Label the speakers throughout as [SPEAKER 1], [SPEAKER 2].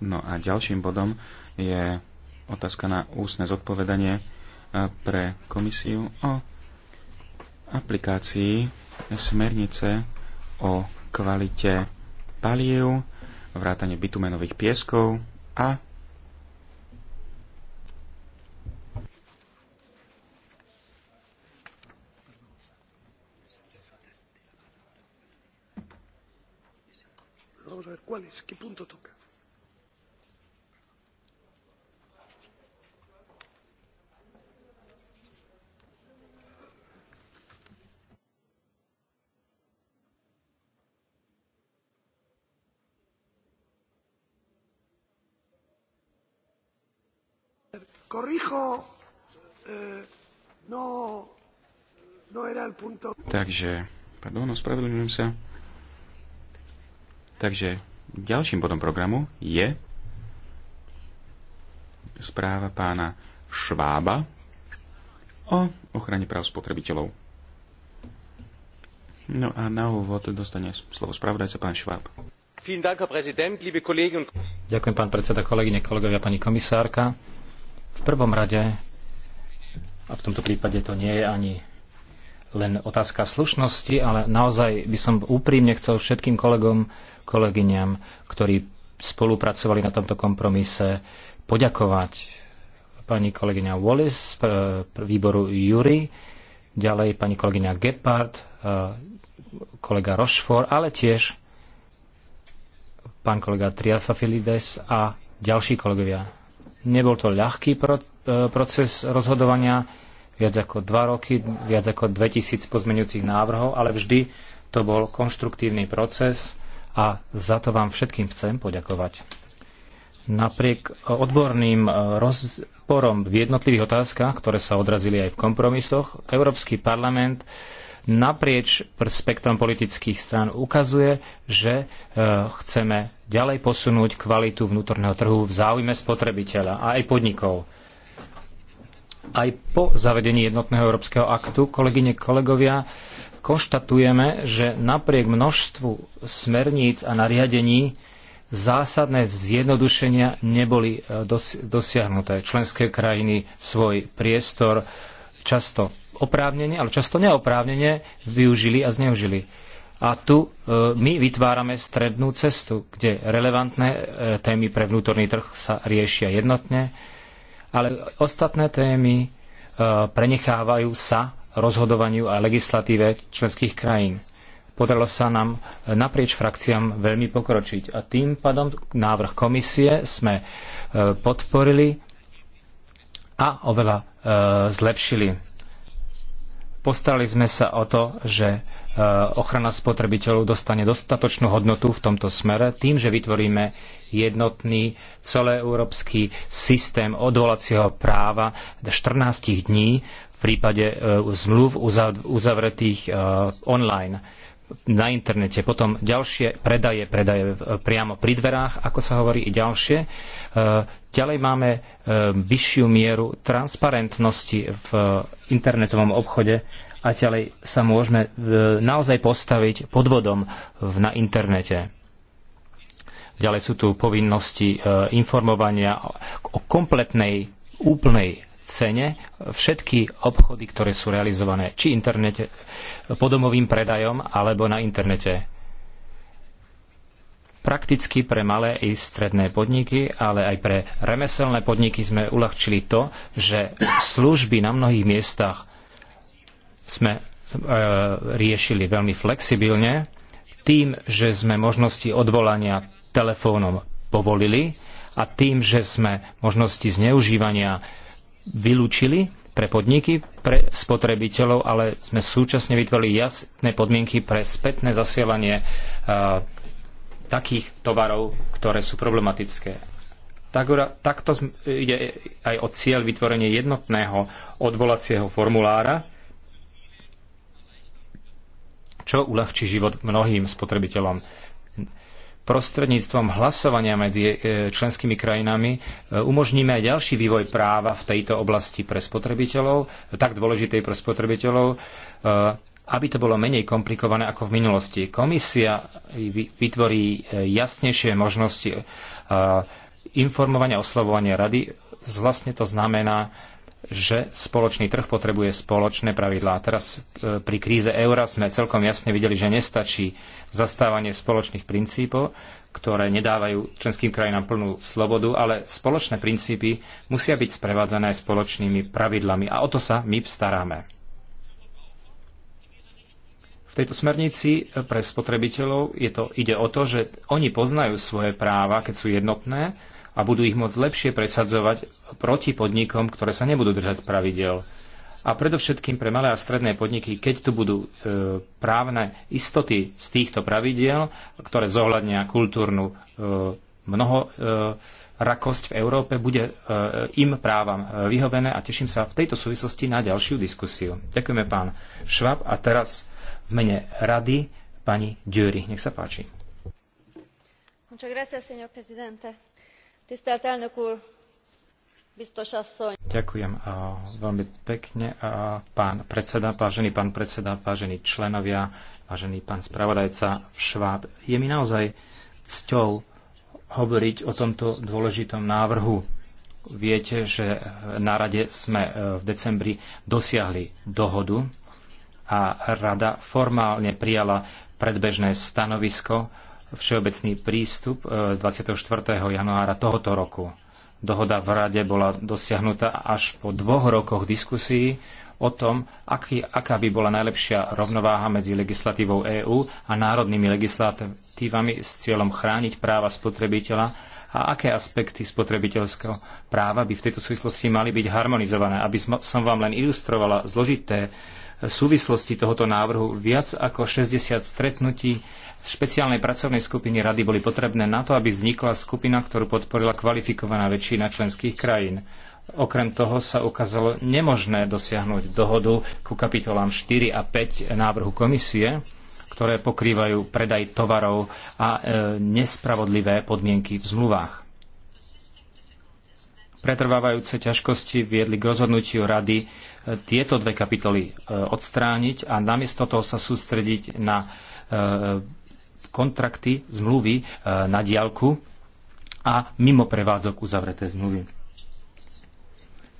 [SPEAKER 1] No a ďalším bodom je otázka na ústne zodpovedanie e, pre komisiu o aplikácii smernice o kvalite paliev, vrátane bitumenových pieskov a Vamos a ver cuál es, qué punto toca. Eh, no, no Takže, pardon, ospravedlňujem sa. Takže ďalším bodom programu je správa pána Švába o ochrane práv spotrebiteľov. No a na úvod dostane slovo spravodajca pán Šváb. Ďakujem,
[SPEAKER 2] pán predseda, kolegyne, kolegovia, pani komisárka. V prvom rade, a v tomto prípade to nie je ani len otázka slušnosti, ale naozaj by som úprimne chcel všetkým kolegom, kolegyňam, ktorí spolupracovali na tomto kompromise, poďakovať pani kolegyňa Wallis z výboru Jury, ďalej pani kolegyňa Gepard, e, kolega Rochefort, ale tiež pán kolega Triafafilides a ďalší kolegovia Nebol to ľahký e, proces rozhodovania, viac ako dva roky, viac ako 2000 pozmeňujúcich návrhov, ale vždy to bol konštruktívny proces a za to vám všetkým chcem poďakovať. Napriek odborným e, rozporom v jednotlivých otázkach, ktoré sa odrazili aj v kompromisoch, Európsky parlament naprieč spektrom politických strán ukazuje, že e, chceme ďalej posunúť kvalitu vnútorného trhu v záujme spotrebiteľa a aj podnikov. Aj po zavedení jednotného európskeho aktu, kolegyne, kolegovia, konštatujeme, že napriek množstvu smerníc a nariadení zásadné zjednodušenia neboli e, dosiahnuté. Členské krajiny svoj priestor často oprávnenie, ale často neoprávnenie využili a zneužili. A tu e, my vytvárame strednú cestu, kde relevantné e, témy pre vnútorný trh sa riešia jednotne, ale ostatné témy e, prenechávajú sa rozhodovaniu a legislatíve členských krajín. Podarilo sa nám naprieč frakciám veľmi pokročiť a tým pádom návrh komisie sme podporili a oveľa zlepšili Postarali sme sa o to, že e, ochrana spotrebiteľov dostane dostatočnú hodnotu v tomto smere tým, že vytvoríme jednotný celoeurópsky systém odvolacieho práva 14 dní v prípade e, zmluv uzavretých e, online na internete, potom ďalšie predaje, predaje priamo pri dverách, ako sa hovorí, i ďalšie. E, ďalej máme e, vyššiu mieru transparentnosti v internetovom obchode a ďalej sa môžeme e, naozaj postaviť podvodom na internete. Ďalej sú tu povinnosti informovania o kompletnej, úplnej cene všetky obchody, ktoré sú realizované či internete, podomovým predajom alebo na internete. Prakticky pre malé i stredné podniky, ale aj pre remeselné podniky sme uľahčili to, že služby na mnohých miestach sme e, riešili veľmi flexibilne tým, že sme možnosti odvolania telefónom povolili a tým, že sme možnosti zneužívania vylúčili pre podniky, pre spotrebiteľov, ale sme súčasne vytvorili jasné podmienky pre spätné zasielanie uh, takých tovarov, ktoré sú problematické. Tak, takto ide aj o cieľ vytvorenie jednotného odvolacieho formulára, čo uľahčí život mnohým spotrebiteľom prostredníctvom hlasovania medzi e, členskými krajinami e, umožníme aj ďalší vývoj práva v tejto oblasti pre spotrebiteľov, tak dôležitej pre spotrebiteľov, e, aby to bolo menej komplikované ako v minulosti. Komisia vytvorí jasnejšie možnosti informovania a oslovovania rady. Vlastne to znamená že spoločný trh potrebuje spoločné pravidlá. Teraz e, pri kríze eura sme celkom jasne videli, že nestačí zastávanie spoločných princípov, ktoré nedávajú členským krajinám plnú slobodu, ale spoločné princípy musia byť sprevádzané spoločnými pravidlami a o to sa my staráme. V tejto smernici e, pre spotrebiteľov je to, ide o to, že oni poznajú svoje práva, keď sú jednotné, a budú ich môcť lepšie presadzovať proti podnikom, ktoré sa nebudú držať pravidel. A predovšetkým pre malé a stredné podniky, keď tu budú e, právne istoty z týchto pravidiel, ktoré zohľadnia kultúrnu e, mnoho e, rakosť v Európe, bude e, im právam e, vyhovené a teším sa v tejto súvislosti na ďalšiu diskusiu. Ďakujeme pán Švab a teraz v mene rady pani Dury. Nech sa páči.
[SPEAKER 3] Muchas gracias, señor presidente Tisztelt elnök úr, biztos asszony.
[SPEAKER 2] Ďakujem veľmi pekne. Pán predseda, vážený pán predseda, vážení členovia, vážený pán spravodajca Šváb, je mi naozaj cťou hovoriť o tomto dôležitom návrhu. Viete, že e, na rade sme e, v decembri dosiahli dohodu a rada formálne prijala predbežné stanovisko všeobecný prístup 24. E, januára tohoto roku. Dohoda v Rade bola dosiahnutá až po dvoch rokoch diskusí o tom, aký, aká by bola najlepšia rovnováha medzi legislatívou EÚ a národnými legislatívami s cieľom chrániť práva spotrebiteľa a aké aspekty spotrebiteľského práva by v tejto súvislosti mali byť harmonizované. Aby som vám len ilustrovala zložité súvislosti tohoto návrhu. Viac ako 60 stretnutí v špeciálnej pracovnej skupine rady boli potrebné na to, aby vznikla skupina, ktorú podporila kvalifikovaná väčšina členských krajín. Okrem toho sa ukázalo nemožné dosiahnuť dohodu ku kapitolám 4 a 5 návrhu komisie, ktoré pokrývajú predaj tovarov a e, nespravodlivé podmienky v zmluvách. Pretrvávajúce ťažkosti viedli k rozhodnutiu rady e, tieto dve kapitoly e, odstrániť a namiesto toho sa sústrediť na e, kontrakty, zmluvy na diaľku a mimo prevádzok uzavreté zmluvy.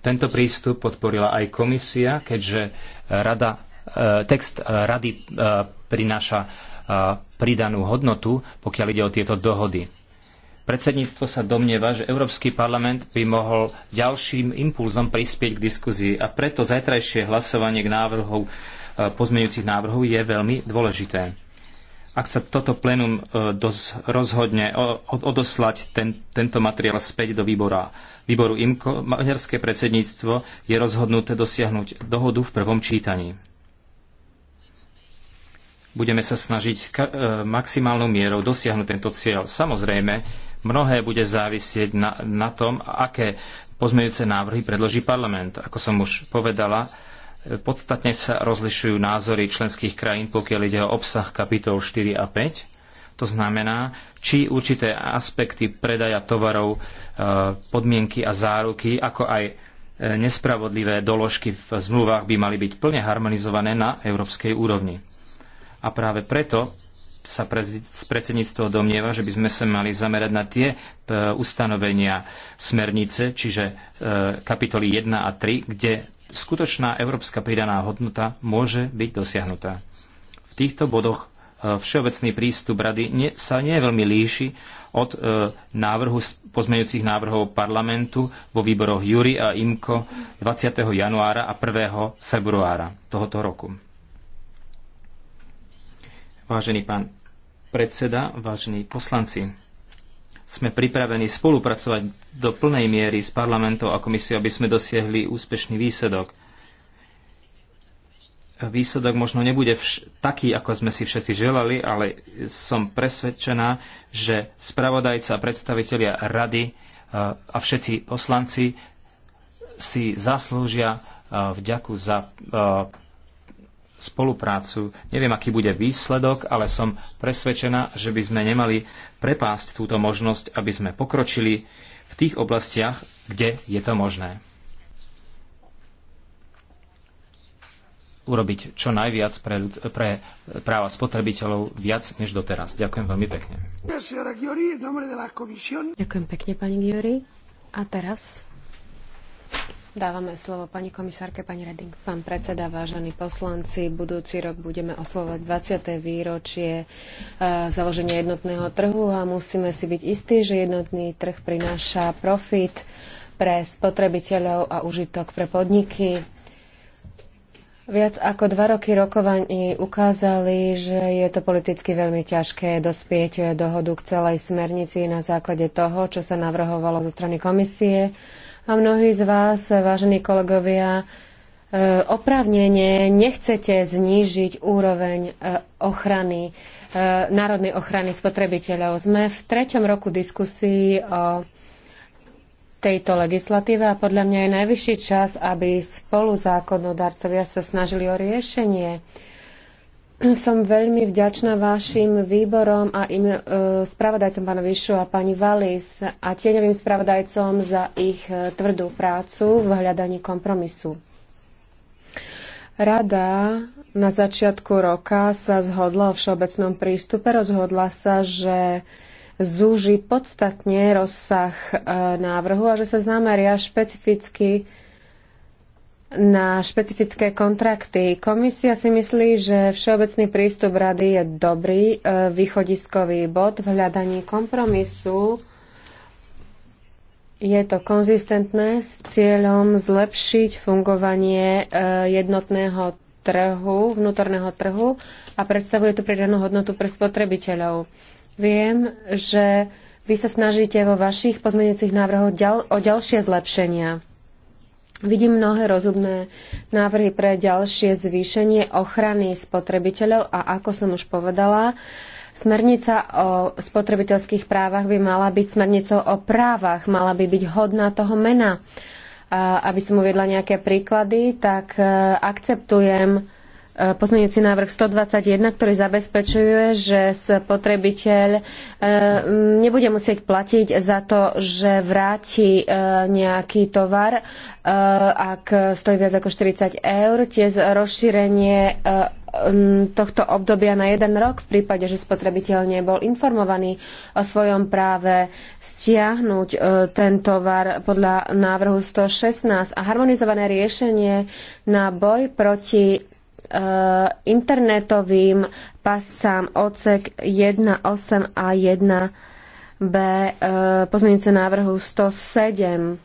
[SPEAKER 2] Tento prístup podporila aj komisia, keďže rada, text rady prináša pridanú hodnotu, pokiaľ ide o tieto dohody Predsedníctvo sa domnieva, že Európsky parlament by mohol ďalším impulzom prispieť k diskuzii a preto zajtrajšie hlasovanie k návrhu e, pozmeňujúcich návrhov je veľmi dôležité. Ak sa toto plénum e, rozhodne odoslať ten, tento materiál späť do výbora, výboru IMCO, maďarské predsedníctvo je rozhodnuté dosiahnuť dohodu v prvom čítaní. Budeme sa snažiť e, maximálnou mierou dosiahnuť tento cieľ. Samozrejme, Mnohé bude závisieť na, na tom, aké pozmeňujúce návrhy predloží parlament. Ako som už povedala, e, podstatne sa rozlišujú názory členských krajín, pokiaľ ide o obsah kapitol 4 a 5. To znamená, či určité aspekty predaja tovarov, e, podmienky a záruky, ako aj e, nespravodlivé doložky v zmluvách by mali byť plne harmonizované na európskej úrovni. A práve preto sa predsedníctvo domnieva, že by sme sa mali zamerať na tie e, ustanovenia smernice, čiže e, kapitoly 1 a 3, kde skutočná európska pridaná hodnota môže byť dosiahnutá. V týchto bodoch e, všeobecný prístup rady sa nie veľmi líši od návrhu pozmeňujúcich návrhov parlamentu vo výboroch Jury a IMKO 20. januára a 1. februára tohoto roku. Vážený pán predseda, vážení poslanci, sme pripravení spolupracovať do plnej miery s parlamentom a komisiou, aby sme dosiahli úspešný výsledok. Výsledok možno nebude taký, ako sme si všetci želali, ale som presvedčená, že spravodajca a predstavitelia rady eh, a všetci poslanci si zaslúžia eh, vďaku za eh, spoluprácu. Neviem, aký bude výsledok, ale som presvedčená, že by sme nemali prepásť túto možnosť, aby sme pokročili v tých oblastiach, kde je to možné. Urobiť čo najviac pre, pre práva spotrebiteľov viac než doteraz. Ďakujem veľmi pekne.
[SPEAKER 3] Ďakujem pekne, pani Giori. A teraz Dávame slovo pani komisárke, pani Reding. Pán predseda, vážení poslanci, budúci rok budeme oslovať 20. výročie e, založenia jednotného trhu a musíme si byť istí, že jednotný trh prináša profit pre spotrebiteľov a užitok pre podniky. Viac ako dva roky rokovaní ukázali, že je to politicky veľmi ťažké dospieť dohodu k celej smernici na základe toho, čo sa navrhovalo zo strany komisie a mnohí z vás, vážení kolegovia, e, oprávnene nechcete znížiť úroveň e, ochrany, e, národnej ochrany spotrebiteľov. Sme v treťom roku diskusí o tejto legislatíve a podľa mňa je najvyšší čas, aby spolu zákonodarcovia sa snažili o riešenie som veľmi vďačná vašim výborom a im, e, spravodajcom pánovi Šu a pani Valis a tieňovým spravodajcom za ich e, tvrdú prácu v hľadaní kompromisu. Rada na začiatku roka sa zhodla o všeobecnom prístupe, rozhodla sa, že zúži podstatne rozsah e, návrhu a že sa zameria špecificky na špecifické kontrakty. Komisia si myslí, že všeobecný prístup rady je dobrý e, východiskový bod v hľadaní kompromisu. Je to konzistentné s cieľom zlepšiť fungovanie e, jednotného trhu, vnútorného trhu a predstavuje tu pridanú hodnotu pre spotrebiteľov. Viem, že vy sa snažíte vo vašich pozmeňujúcich návrhoch ďal, o ďalšie zlepšenia. Vidím mnohé rozumné návrhy pre ďalšie zvýšenie ochrany spotrebiteľov a ako som už povedala, smernica o spotrebiteľských právach by mala byť smernicou o právach, mala by byť hodná toho mena. A aby som uviedla nejaké príklady, tak e, akceptujem pozmeňujúci návrh 121, ktorý zabezpečuje, že spotrebiteľ e, nebude musieť platiť za to, že vráti e, nejaký tovar, e, ak stojí viac ako 40 eur. Tiež rozšírenie tohto obdobia na jeden rok v prípade, že spotrebiteľ nebol informovaný o svojom práve stiahnuť ten tovar podľa návrhu 116 a harmonizované riešenie na boj proti Eh, internetovým pascám odsek 1.8 a 1b eh, pozmeňujúce návrhu 107.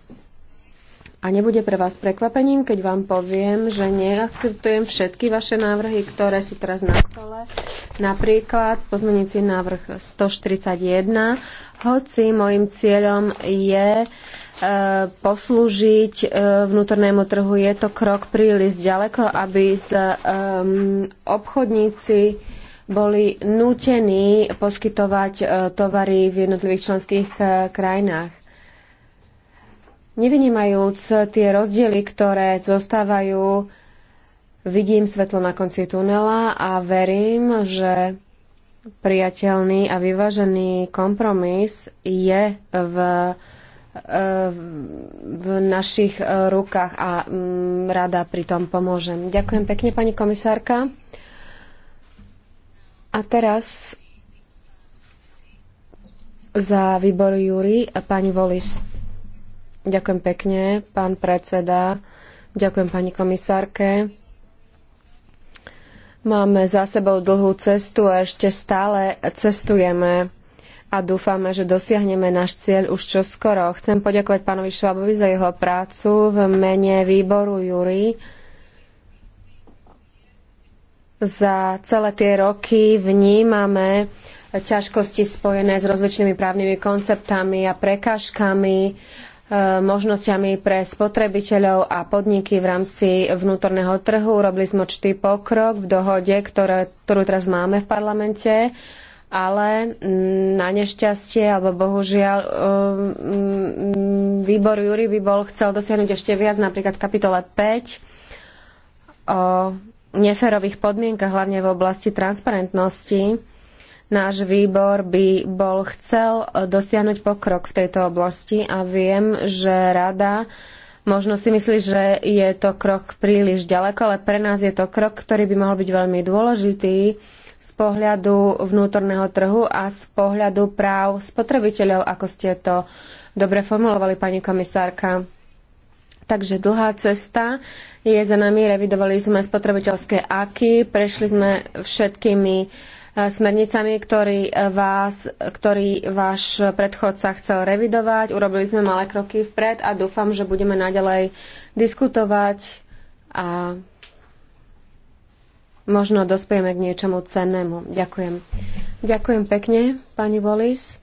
[SPEAKER 3] A nebude pre vás prekvapením, keď vám poviem, že neakceptujem všetky vaše návrhy, ktoré sú teraz na stole. Napríklad pozmeňujúci návrh 141, hoci môjim cieľom je e, poslúžiť e, vnútornému trhu, je to krok príliš ďaleko, aby z, e, obchodníci boli nútení poskytovať tovary v jednotlivých členských krajinách. Nevynímajúc tie rozdiely, ktoré zostávajú, vidím svetlo na konci tunela a verím, že priateľný a vyvážený kompromis je v, e, v našich e, rukách a mm, rada pri tom pomôžem. Ďakujem pekne, pani komisárka. A teraz za výbor Júri a pani Volis. Ďakujem pekne, pán predseda. Ďakujem pani komisárke Máme za sebou dlhú cestu a ešte stále cestujeme a dúfame, že dosiahneme náš cieľ už čoskoro. Chcem poďakovať pánovi Švábovi za jeho prácu v mene výboru Júri za celé tie roky vnímame ťažkosti spojené s rozličnými právnymi konceptami a prekážkami možnosťami pre spotrebiteľov a podniky v rámci vnútorného trhu. Robili sme určitý pokrok v dohode, ktoré, ktorú teraz máme v parlamente, ale mm, na nešťastie, alebo bohužiaľ, mm, výbor Júri by bol chcel dosiahnuť ešte viac, napríklad v kapitole 5 o neférových podmienkach, hlavne v oblasti transparentnosti Náš výbor by bol chcel dosiahnuť pokrok v tejto oblasti a viem, že rada možno si myslí, že je to krok príliš ďaleko, ale pre nás je to krok, ktorý by mohol byť veľmi dôležitý z pohľadu vnútorného trhu a z pohľadu práv spotrebiteľov, ako ste to dobre formulovali, pani komisárka. Takže dlhá cesta je za nami, revidovali sme spotrebiteľské aky, prešli sme všetkými smernicami, ktorý, vás, ktorý váš predchodca chcel revidovať. Urobili sme malé kroky vpred a dúfam, že budeme naďalej diskutovať a možno dospejeme k niečomu cennému. Ďakujem. Ďakujem pekne, pani Wallis.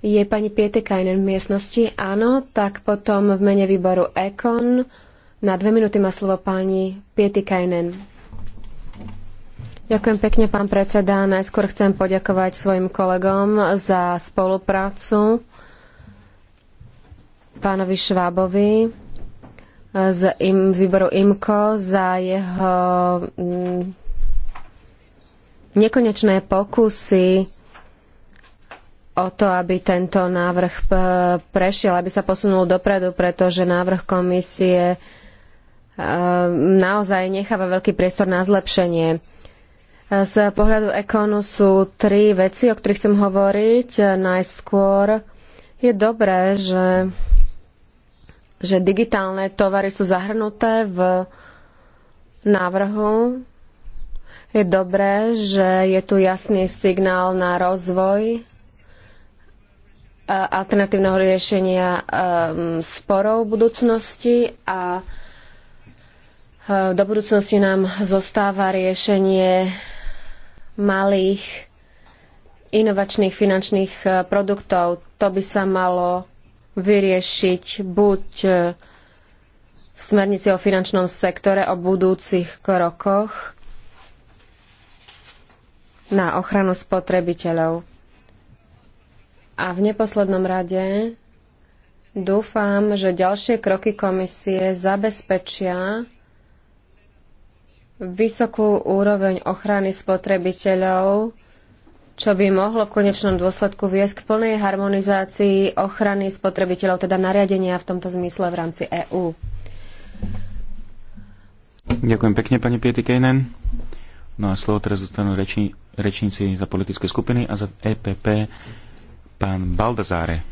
[SPEAKER 3] Je pani Pietekainen v miestnosti? Áno, tak potom v mene výboru EKON na dve minúty má slovo pani Pieti Kajnen. Ďakujem pekne, pán predseda. Najskôr chcem poďakovať svojim kolegom za spoluprácu pánovi Švábovi z, im, z výboru IMKO za jeho mm, nekonečné pokusy o to, aby tento návrh e, prešiel, aby sa posunul dopredu, pretože návrh komisie Ehm, naozaj necháva veľký priestor na zlepšenie. Ehm, z pohľadu ekonu sú tri veci, o ktorých chcem hovoriť. Ehm, najskôr je dobré, že, že digitálne tovary sú zahrnuté v návrhu. Je dobré, že je tu jasný signál na rozvoj alternatívneho riešenia sporov v budúcnosti a do budúcnosti nám zostáva riešenie malých inovačných finančných e, produktov. To by sa malo vyriešiť buď e, v smernici o finančnom sektore o budúcich krokoch na ochranu spotrebiteľov. A v neposlednom rade dúfam, že ďalšie kroky komisie zabezpečia vysokú úroveň ochrany spotrebiteľov, čo by mohlo v konečnom dôsledku viesť k plnej harmonizácii ochrany spotrebiteľov, teda nariadenia v tomto zmysle v rámci EÚ.
[SPEAKER 1] Ďakujem pekne, pani Kejnen. No a slovo teraz zostanú reči, rečníci za politické skupiny a za EPP pán Baldazáre.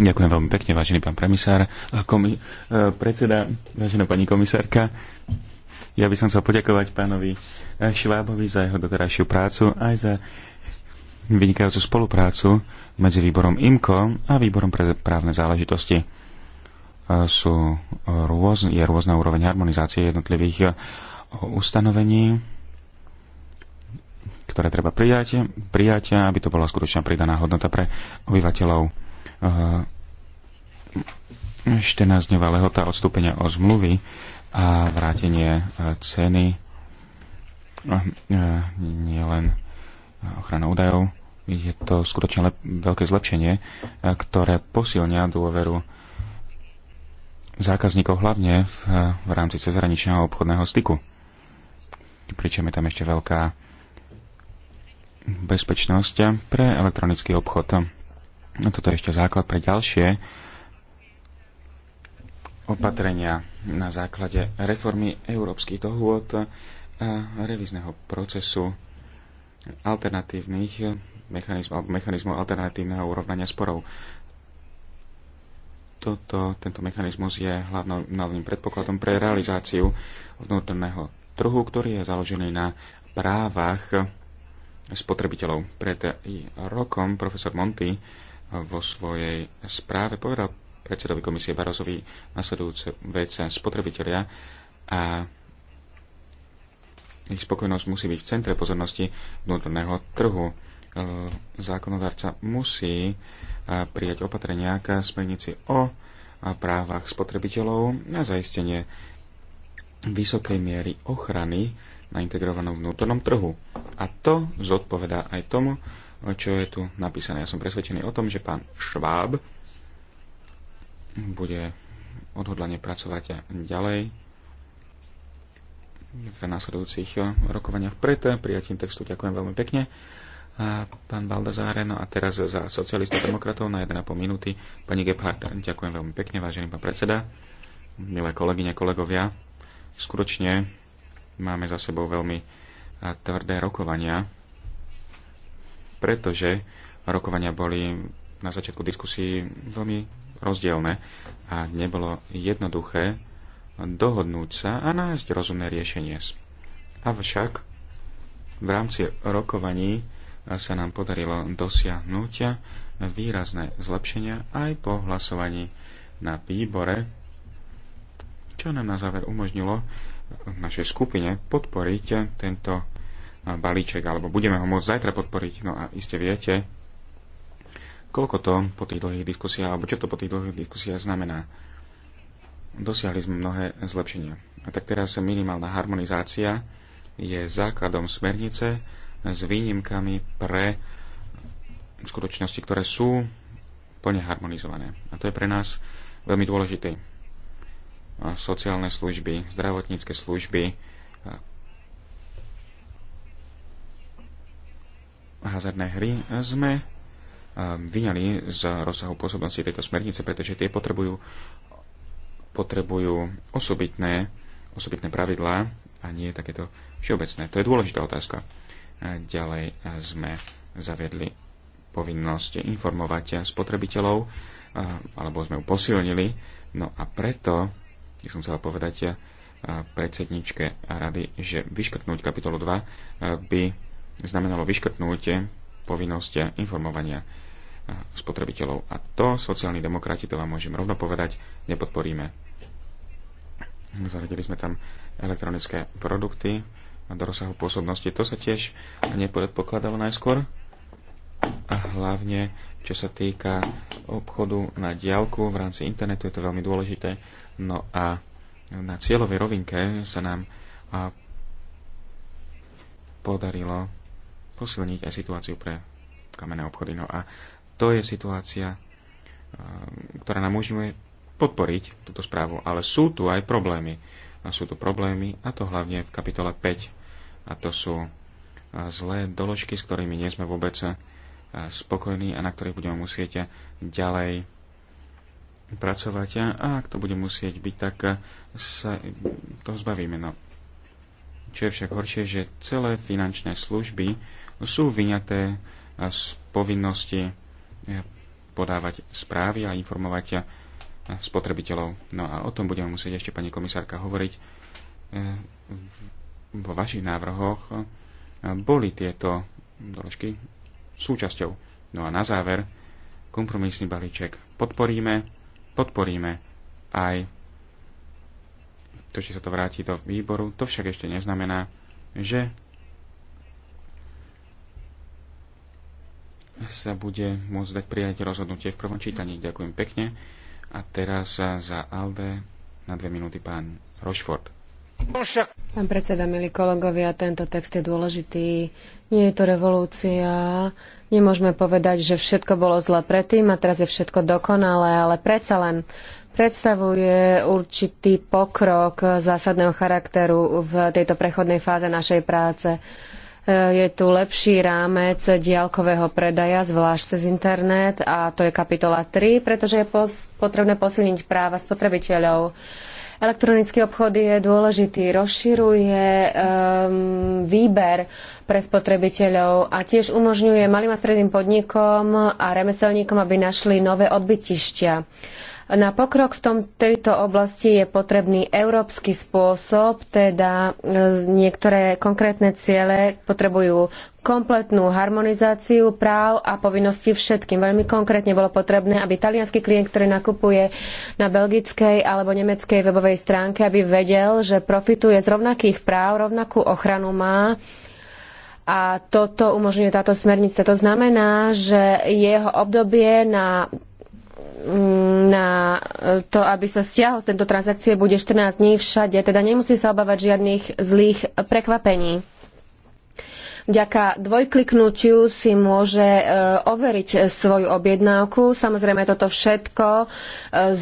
[SPEAKER 1] Ďakujem veľmi pekne, vážený pán premisár, komi- e, predseda, vážená pani komisárka. Ja by som chcel poďakovať pánovi e, Švábovi za jeho doterajšiu prácu, aj za vynikajúcu spoluprácu medzi výborom IMCO a výborom pre právne záležitosti. E, sú rôz, je rôzna úroveň harmonizácie jednotlivých ustanovení, ktoré treba prijať, prijať, aby to bola skutočná pridaná hodnota pre obyvateľov 14-dňová lehota odstúpenia o zmluvy a vrátenie e, ceny no, e, nie len ochrana údajov. Je to skutočne veľké zlepšenie, e, ktoré posilňa dôveru zákazníkov hlavne v, v rámci cezhraničného obchodného styku. Pričom je tam ešte veľká bezpečnosť pre elektronický obchod. No toto je ešte základ pre ďalšie opatrenia na základe reformy európskych dohôd a revízneho procesu alternatívnych mechanizmov alebo mechanizmov alternatívneho urovnania sporov. Toto, tento mechanizmus je hlavným hlavným predpokladom pre realizáciu vnútorného trhu, ktorý je založený na právach spotrebiteľov. Pred rokom profesor Monty vo svojej správe povedal predsedovi komisie Barozovi nasledujúce vece spotrebitelia a ich spokojnosť musí byť v centre pozornosti vnútorného trhu. E, Zákonodárca musí e, prijať opatrenia k smernici o právach spotrebiteľov na zaistenie vysokej miery ochrany na integrovanom vnútornom trhu. A to zodpovedá aj tomu, čo je tu napísané. Ja som presvedčený o tom, že pán Šváb bude odhodlane pracovať ďalej v následujúcich rokovaniach pred prijatím textu. Ďakujem veľmi pekne. A pán Baldazáre, no a teraz za socialistov demokratov na 1,5 minúty. Pani Gebhardt, ďakujem veľmi pekne, vážený pán predseda, milé kolegyne, kolegovia. Skutočne máme za sebou veľmi tvrdé rokovania pretože rokovania boli na začiatku diskusí veľmi rozdielne a nebolo jednoduché dohodnúť sa a nájsť rozumné riešenie. Avšak v rámci rokovaní sa nám podarilo dosiahnuť výrazné zlepšenia aj po hlasovaní na výbore, čo nám na záver umožnilo v našej skupine podporiť tento balíček, alebo budeme ho môcť zajtra podporiť. No a iste viete, koľko to po tých dlhých diskusiách, alebo čo to po tých dlhých diskusiách znamená. Dosiahli sme mnohé zlepšenia. A tak teraz minimálna harmonizácia je základom smernice s výnimkami pre skutočnosti, ktoré sú plne harmonizované. A to je pre nás veľmi dôležité. Sociálne služby, zdravotnícke služby, hazardné hry sme eh, vyňali z rozsahu pôsobnosti tejto smernice, pretože tie potrebujú, potrebujú osobitné, osobitné pravidlá a nie takéto všeobecné. To je dôležitá otázka. Eh, ďalej eh, sme zaviedli povinnosť informovať spotrebiteľov, alebo sme ju posilnili. No a preto, ja som chcel povedať predsedničke rady, že vyškrtnúť kapitolu 2 by znamenalo vyškrtnutie povinnosti informovania eh, spotrebiteľov. A to sociálni demokrati, to vám môžem rovno povedať, nepodporíme. Zaradili sme tam elektronické produkty do rozsahu pôsobnosti. To sa tiež nepredpokladalo najskôr. A hlavne, čo sa týka obchodu na diálku v rámci internetu, je to veľmi dôležité. No a na cieľovej rovinke sa nám eh, podarilo posilniť aj situáciu pre kamenné obchody. No a to je situácia, eh, ktorá nám umožňuje podporiť túto správu. Ale sú tu aj problémy. A sú tu problémy, a to hlavne v kapitole 5. A to sú eh, zlé doložky, s ktorými nie sme vôbec eh, spokojní a na ktorých budeme musieť ďalej pracovať. A ak to bude musieť byť, tak sa to zbavíme. No. Čo je však horšie, že celé finančné služby sú vyňaté z povinnosti e, podávať správy a informovať e, spotrebiteľov. No a o tom budeme musieť ešte, pani komisárka, hovoriť. E, vo vašich návrhoch boli tieto doložky súčasťou. No a na záver, kompromisný balíček podporíme, podporíme aj to, či sa to vráti do výboru. To však ešte neznamená, že sa bude môcť dať prijať rozhodnutie v prvom čítaní. Ďakujem pekne. A teraz za Alde na dve minúty pán Rošford.
[SPEAKER 3] Pán predseda, milí kolegovia, tento text je dôležitý. Nie je to revolúcia. Nemôžeme povedať, že všetko bolo zle predtým a teraz je všetko dokonalé, ale predsa len predstavuje určitý pokrok zásadného charakteru v tejto prechodnej fáze našej práce. Eh, je tu lepší rámec diaľkového predaja, zvlášť cez internet, a to je kapitola 3, pretože je potrebné posilniť práva spotrebiteľov. Elektronický obchod je dôležitý, rozširuje um, výber pre spotrebiteľov a tiež umožňuje malým a stredným podnikom a remeselníkom, aby našli nové odbytištia. Na pokrok v tom, tejto oblasti je potrebný európsky spôsob, teda e, niektoré konkrétne ciele potrebujú kompletnú harmonizáciu práv a povinností všetkým. Veľmi konkrétne bolo potrebné, aby talianský klient, ktorý nakupuje na belgickej alebo nemeckej webovej stránke, aby vedel, že profituje z rovnakých práv, rovnakú ochranu má a toto umožňuje táto smernica. To znamená, že jeho obdobie na Mm, na to, aby sa stiahol z tejto transakcie, bude 14 dní všade. Teda nemusí sa obávať žiadnych zlých prekvapení vďaka dvojkliknutiu si môže e, overiť svoju objednávku. Samozrejme, toto všetko e,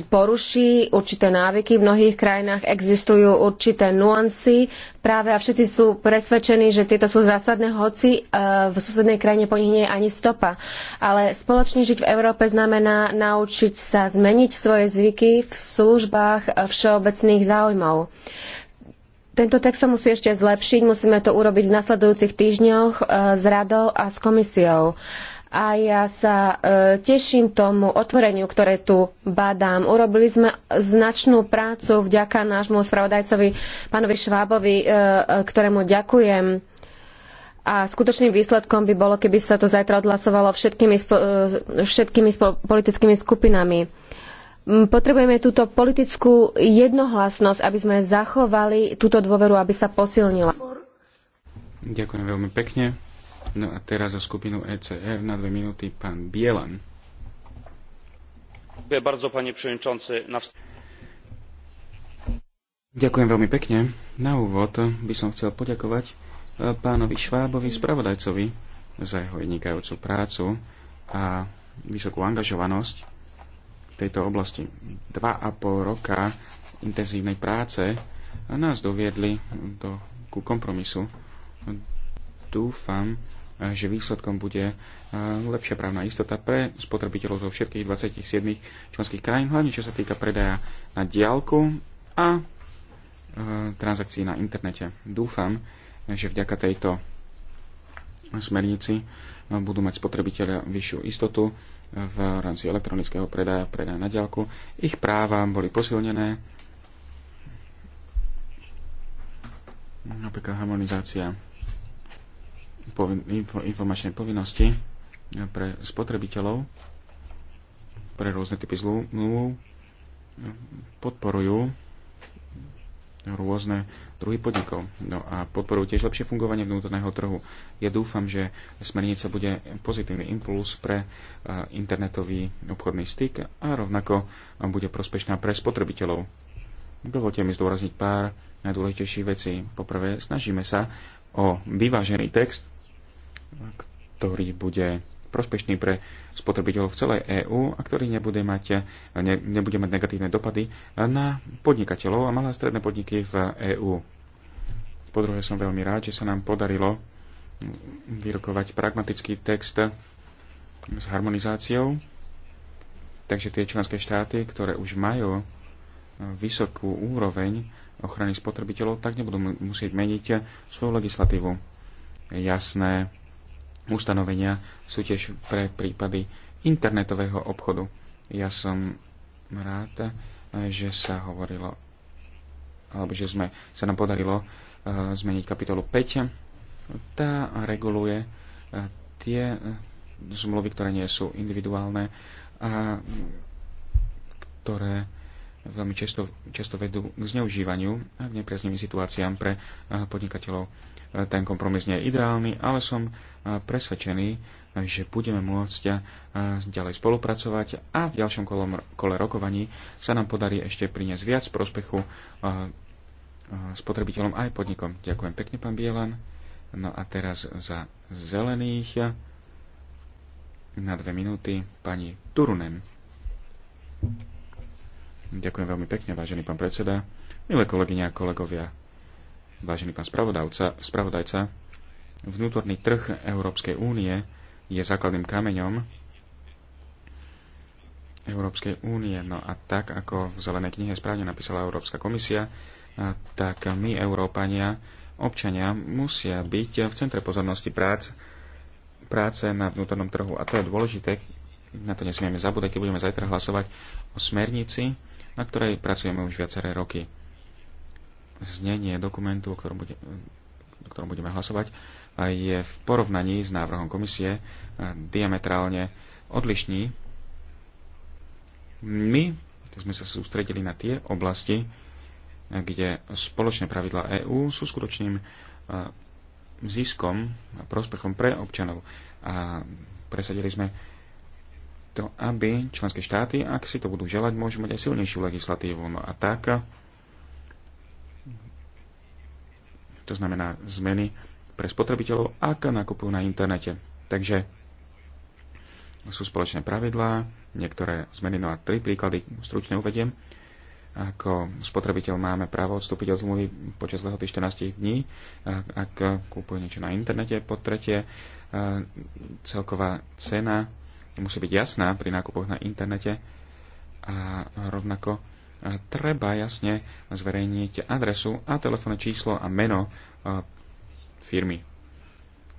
[SPEAKER 3] poruší určité návyky. V mnohých krajinách existujú určité nuancy práve a všetci sú presvedčení, že tieto sú zásadné, hoci e, v susednej krajine po nich nie je ani stopa. Ale spoločne žiť v Európe znamená naučiť sa zmeniť svoje zvyky v službách všeobecných záujmov. Tento text sa musí ešte zlepšiť, musíme to urobiť v nasledujúcich týždňoch e, s radou a s komisiou. A ja sa e, teším tomu otvoreniu, ktoré tu badám. Urobili sme značnú prácu vďaka nášmu spravodajcovi, pánovi Švábovi, e, ktorému ďakujem. A skutočným výsledkom by bolo, keby sa to zajtra odhlasovalo všetkými, všetkými politickými skupinami. Mm, potrebujeme túto politickú jednohlasnosť, aby sme zachovali túto dôveru, aby sa posilnila.
[SPEAKER 1] Ďakujem veľmi pekne. No a teraz o skupinu ECR na dve minúty pán Bielan.
[SPEAKER 2] Ďakujem bardzo, przewodniczący.
[SPEAKER 1] Ďakujem veľmi pekne. Na úvod by som chcel poďakovať e, pánovi Švábovi, spravodajcovi, za jeho vynikajúcu prácu a vysokú angažovanosť tejto oblasti. Dva a pol roka intenzívnej práce nás doviedli do, ku kompromisu. Dúfam, že výsledkom bude e, lepšia právna istota pre spotrebiteľov zo všetkých 27 členských krajín, hlavne čo sa týka predaja na diálku a e, transakcií na internete. Dúfam, že vďaka tejto smernici e, budú mať spotrebiteľa vyššiu istotu v rámci elektronického predaja, predaja na diaľku. Ich práva boli posilnené. Napríklad harmonizácia informačnej povinnosti pre spotrebiteľov, pre rôzne typy zmluv podporujú rôzne druhy podnikov. No a podporujú tiež lepšie fungovanie vnútorného trhu. Ja dúfam, že smernica bude pozitívny impuls pre e, internetový obchodný styk a rovnako bude prospešná pre spotrebiteľov. Dovolte mi zdôrazniť pár najdôležitejších vecí. Poprvé, snažíme sa o vyvážený text, ktorý bude prospešný pre spotrebiteľov v celej EÚ a ktorý nebude mať, ne, nebude mať negatívne dopady na podnikateľov a malé a stredné podniky v EÚ. Po druhé som veľmi rád, že sa nám podarilo vyrokovať pragmatický text s harmonizáciou, takže tie členské štáty, ktoré už majú vysokú úroveň ochrany spotrebiteľov, tak nebudú musieť meniť svoju legislatívu. Jasné ustanovenia sú tiež pre prípady internetového obchodu. Ja som rád, že sa hovorilo, alebo že sme, sa nám podarilo eh, zmeniť kapitolu 5. Tá reguluje eh, tie eh, zmluvy, ktoré nie sú individuálne a ktoré veľmi často, často vedú k zneužívaniu a k nepriaznivým situáciám pre eh, podnikateľov. Eh, ten kompromis nie je ideálny, ale som eh, presvedčený, že budeme môcť ďalej spolupracovať a v ďalšom kolom, kole rokovaní sa nám podarí ešte priniesť viac prospechu spotrebiteľom aj podnikom. Ďakujem pekne, pán Bielan. No a teraz za zelených na dve minúty pani Turunen. Ďakujem veľmi pekne, vážený pán predseda, milé kolegyne a kolegovia, vážený pán spravodajca, spravodajca. Vnútorný trh Európskej únie je základným kameňom Európskej únie. No a tak, ako v Zelenej knihe správne napísala Európska komisia, tak my, Európania, občania, musia byť v centre pozornosti prác, práce na vnútornom trhu. A to je dôležité, na to nesmieme zabúdať, keď budeme zajtra hlasovať o smernici, na ktorej pracujeme už viaceré roky. Znenie dokumentu, o ktorom, bude, o ktorom budeme hlasovať, je v porovnaní s návrhom komisie diametrálne odlišný. My sme sa sústredili na tie oblasti, kde spoločné pravidla EÚ sú skutočným ziskom a prospechom pre občanov. A presadili sme to, aby členské štáty, ak si to budú želať, môžu mať aj silnejšiu legislatívu. No a tak, to znamená zmeny pre spotrebiteľov, ak nakupujú na internete. Takže sú spoločné pravidlá, niektoré zmeny, no a tri príklady stručne uvediem. Ako spotrebiteľ máme právo odstúpiť od zmluvy počas lehoty 14 dní, ak kúpuje niečo na internete. Po tretie, e, celková cena musí byť jasná pri nákupoch na internete a rovnako e, treba jasne zverejniť adresu a telefónne číslo a meno e, firmy.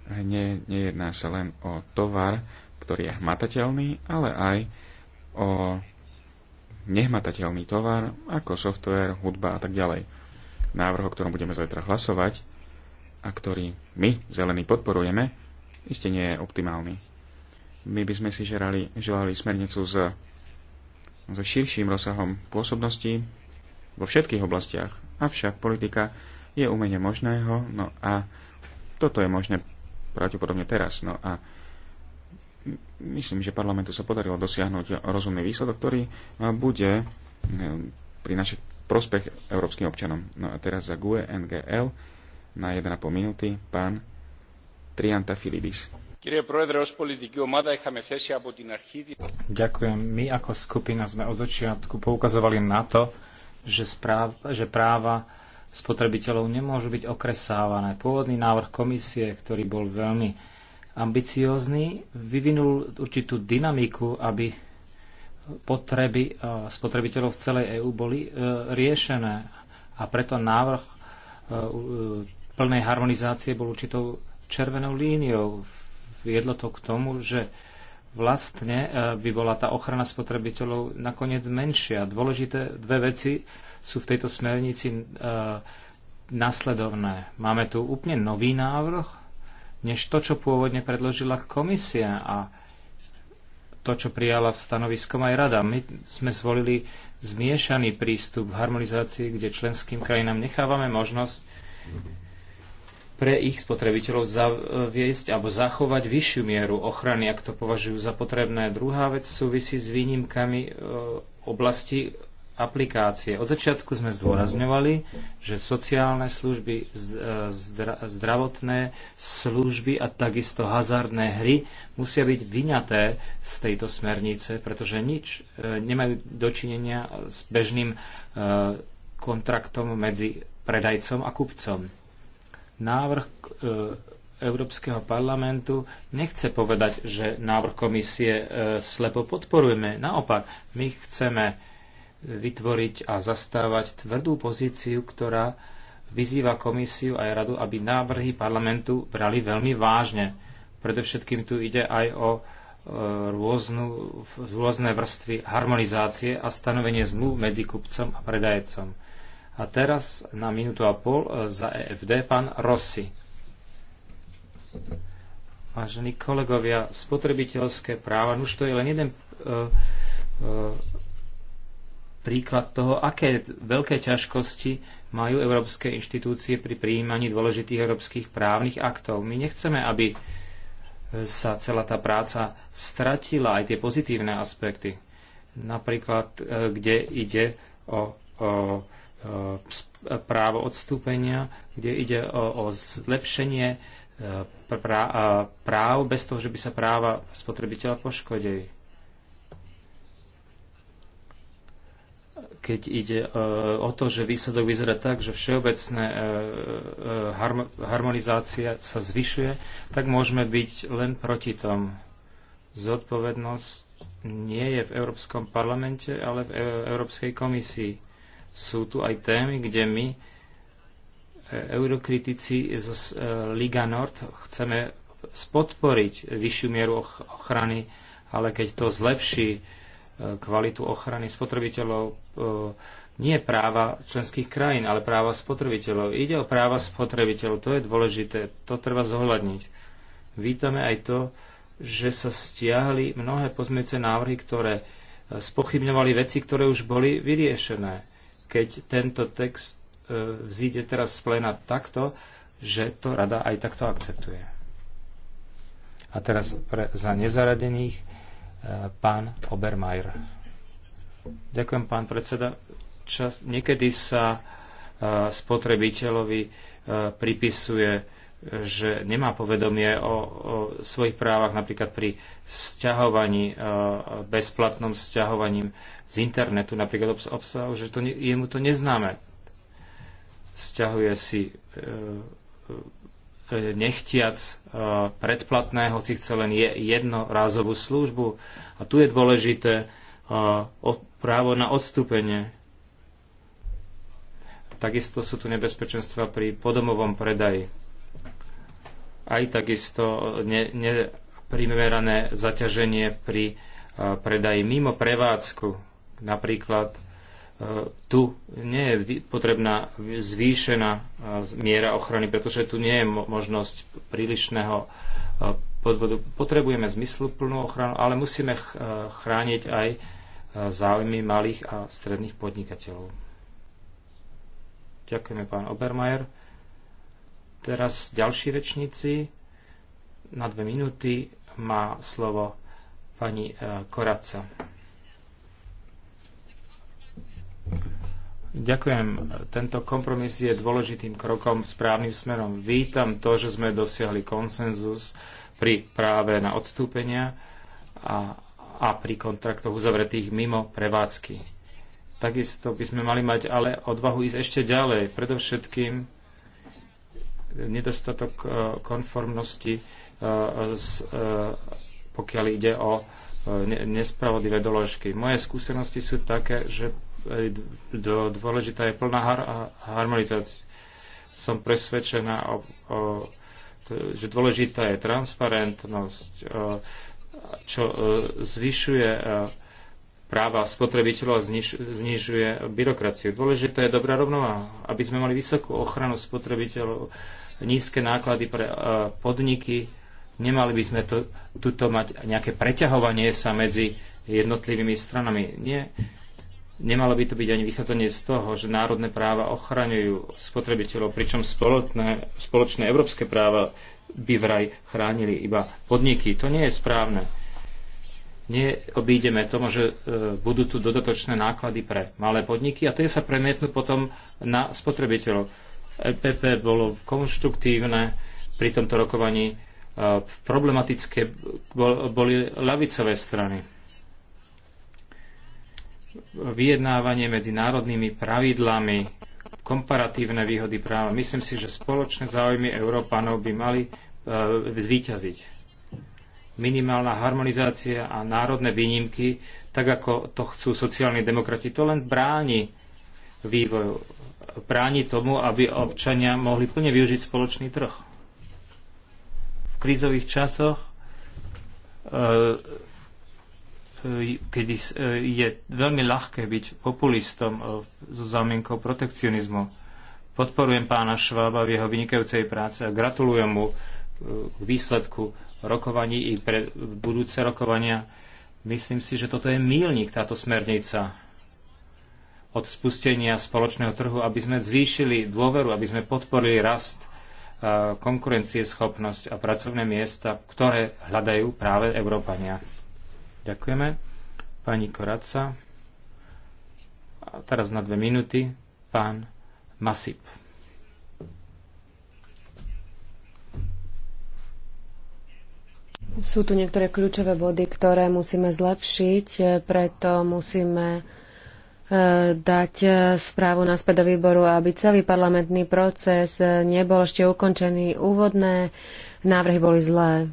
[SPEAKER 1] Nie, nejedná sa len o tovar, ktorý je hmatateľný, ale aj o nehmatateľný tovar, ako software, hudba a tak ďalej. Návrh, o ktorom budeme zajtra hlasovať a ktorý my, zelení, podporujeme, iste nie je optimálny. My by sme si želali, želali smernicu s, so širším rozsahom pôsobnosti vo všetkých oblastiach. Avšak politika je umenie možného, no a toto je možné pravdepodobne teraz. No a myslím, že parlamentu sa podarilo dosiahnuť rozumný výsledok, ktorý bude eh, prinašať prospech európskym občanom. No a teraz za GUE NGL na 1,5 minúty pán Trianta Filibis.
[SPEAKER 2] Ďakujem. My ako skupina sme od začiatku poukazovali na to, že, správ, že práva spotrebiteľov nemôžu byť okresávané. Pôvodný návrh komisie, ktorý bol veľmi ambiciózny, vyvinul určitú dynamiku, aby potreby e, spotrebiteľov v celej EÚ boli e, riešené. A preto návrh e, plnej harmonizácie bol určitou červenou líniou v viedlo to k tomu, že vlastne e, by bola tá ochrana spotrebiteľov nakoniec menšia. Dôležité dve veci sú v tejto smernici e, nasledovné. Máme tu úplne nový návrh, než to, čo pôvodne predložila komisia a to, čo prijala v stanoviskom aj rada. My sme zvolili zmiešaný prístup v harmonizácii, kde členským krajinám nechávame možnosť pre ich spotrebiteľov zaviesť alebo zachovať vyššiu mieru ochrany, ak to považujú za potrebné. Druhá vec súvisí s výnimkami e, oblasti aplikácie. Od začiatku sme zdôrazňovali, že sociálne služby, e, zdravotné služby a takisto hazardné hry musia byť vyňaté z tejto smernice, pretože nič e, nemajú dočinenia s bežným kontraktom medzi predajcom a kupcom Návrh e, Európskeho parlamentu nechce povedať, že návrh komisie e, slepo podporujeme. Naopak, my chceme vytvoriť a zastávať tvrdú pozíciu, ktorá vyzýva komisiu aj radu, aby návrhy parlamentu brali veľmi vážne. Predovšetkým tu ide aj o e, rôznu, rôzne vrstvy harmonizácie a stanovenie zmluv medzi kupcom a predajcom. A teraz na minútu a pol e, za EFD pán Rossi. Vážení kolegovia, spotrebiteľské práva, no už to je len jeden uh, uh, príklad toho, aké veľké ťažkosti majú európske inštitúcie pri prijímaní dôležitých európskych právnych aktov. My nechceme, aby sa celá tá práca stratila, aj tie pozitívne aspekty. Napríklad, kde ide o, o E, e, právo odstúpenia, kde ide o, o zlepšenie e, práv bez toho, že by sa práva spotrebiteľa poškodili. Keď ide o to, že výsledok vyzerá tak, že všeobecná harmonizácia sa zvyšuje, tak môžeme byť len proti tom. Zodpovednosť nie je v Európskom parlamente, ale v Európskej komisii sú tu aj témy, kde my e, eurokritici z e, Liga Nord chceme spodporiť vyššiu mieru ochrany, ale keď to zlepší e, kvalitu ochrany spotrebiteľov, nie práva členských krajín, ale práva spotrebiteľov. Ide o práva spotrebiteľov, to je dôležité, to treba zohľadniť. Vítame aj to, že sa stiahli mnohé pozmeňujúce návrhy, ktoré spochybňovali veci, ktoré už boli vyriešené keď tento text e, vzíde teraz z pléna takto, že to rada aj takto akceptuje. A teraz pre, za nezaradených e, pán Obermajer. Ďakujem, pán predseda. Čas, niekedy sa e, spotrebiteľovi pripisuje že nemá povedomie o, o svojich právach napríklad pri sťahovaní, e, bezplatnom sťahovaním z internetu napríklad obsahu, že to, jemu to neznáme. Sťahuje si e, e, nechtiac e, predplatné, hoci chce len je, jednorázovú službu. A tu je dôležité e, o, právo na odstúpenie. Takisto sú tu nebezpečenstva pri podomovom predaji aj takisto ne, neprimerané zaťaženie pri e, predaji mimo prevádzku. Napríklad e, tu nie je potrebná zvýšená e, miera ochrany, pretože tu nie je možnosť prílišného podvodu. Potrebujeme zmysluplnú ochranu, ale musíme chrániť aj záujmy malých a stredných podnikateľov. Ďakujeme, pán Obermajer. Teraz ďalší rečníci. Na dve minúty má slovo pani e, Koraca. Ďakujem. Tento kompromis je dôležitým krokom správnym smerom. Vítam to, že sme dosiahli konsenzus pri práve na odstúpenia a, a pri kontraktoch uzavretých mimo prevádzky. Takisto by sme mali mať ale odvahu ísť ešte ďalej. Predovšetkým nedostatok e, konformnosti, e, e, pokiaľ ide o nespravodlivé doložky. Moje skúsenosti sú také, že dôležitá je plná harmonizácia. Som presvedčená, o, o, že dôležitá je transparentnosť, čo zvyšuje práva spotrebiteľov a zniž, znižuje byrokraciu. Dôležitá je dobrá rovnováha, aby sme mali vysokú ochranu spotrebiteľov, nízke náklady pre e, podniky. Nemali by sme tuto mať nejaké preťahovanie sa medzi jednotlivými stranami. Nie, Nemalo by to byť ani vychádzanie z toho, že národné práva ochraňujú spotrebiteľov, pričom spoločné, spoločné európske práva by vraj chránili iba podniky. To nie je správne neobídeme tomu, že e, budú tu dodatočné náklady pre malé podniky a tie sa premietnú potom na spotrebiteľov. EPP bolo konštruktívne pri tomto rokovaní, e, problematické boli ľavicové strany. Vyjednávanie medzi národnými pravidlami, komparatívne výhody práva. Myslím si, že spoločné záujmy Európanov by mali e, zvíťaziť minimálna harmonizácia a národné výnimky, tak ako to chcú sociálni demokrati. To len bráni vývoju, bráni tomu, aby občania mohli plne využiť spoločný trh. V krízových časoch, eh, eh, kedy eh, je veľmi ľahké byť populistom so zámienkou protekcionizmu, podporujem pána Švába v jeho vynikajúcej práce a gratulujem mu k výsledku rokovaní i pre budúce rokovania. Myslím si, že toto je mílnik, táto smernica od spustenia spoločného trhu, aby sme zvýšili dôveru, aby sme podporili rast, konkurencieschopnosť a pracovné miesta, ktoré hľadajú práve Európania. Ďakujeme. Pani Koraca. A teraz na dve minúty pán Masip.
[SPEAKER 3] Sú tu niektoré kľúčové body, ktoré musíme zlepšiť, e, preto musíme e, dať e, správu naspäť do výboru, aby celý parlamentný proces nebol ešte ukončený. Úvodné návrhy boli zlé.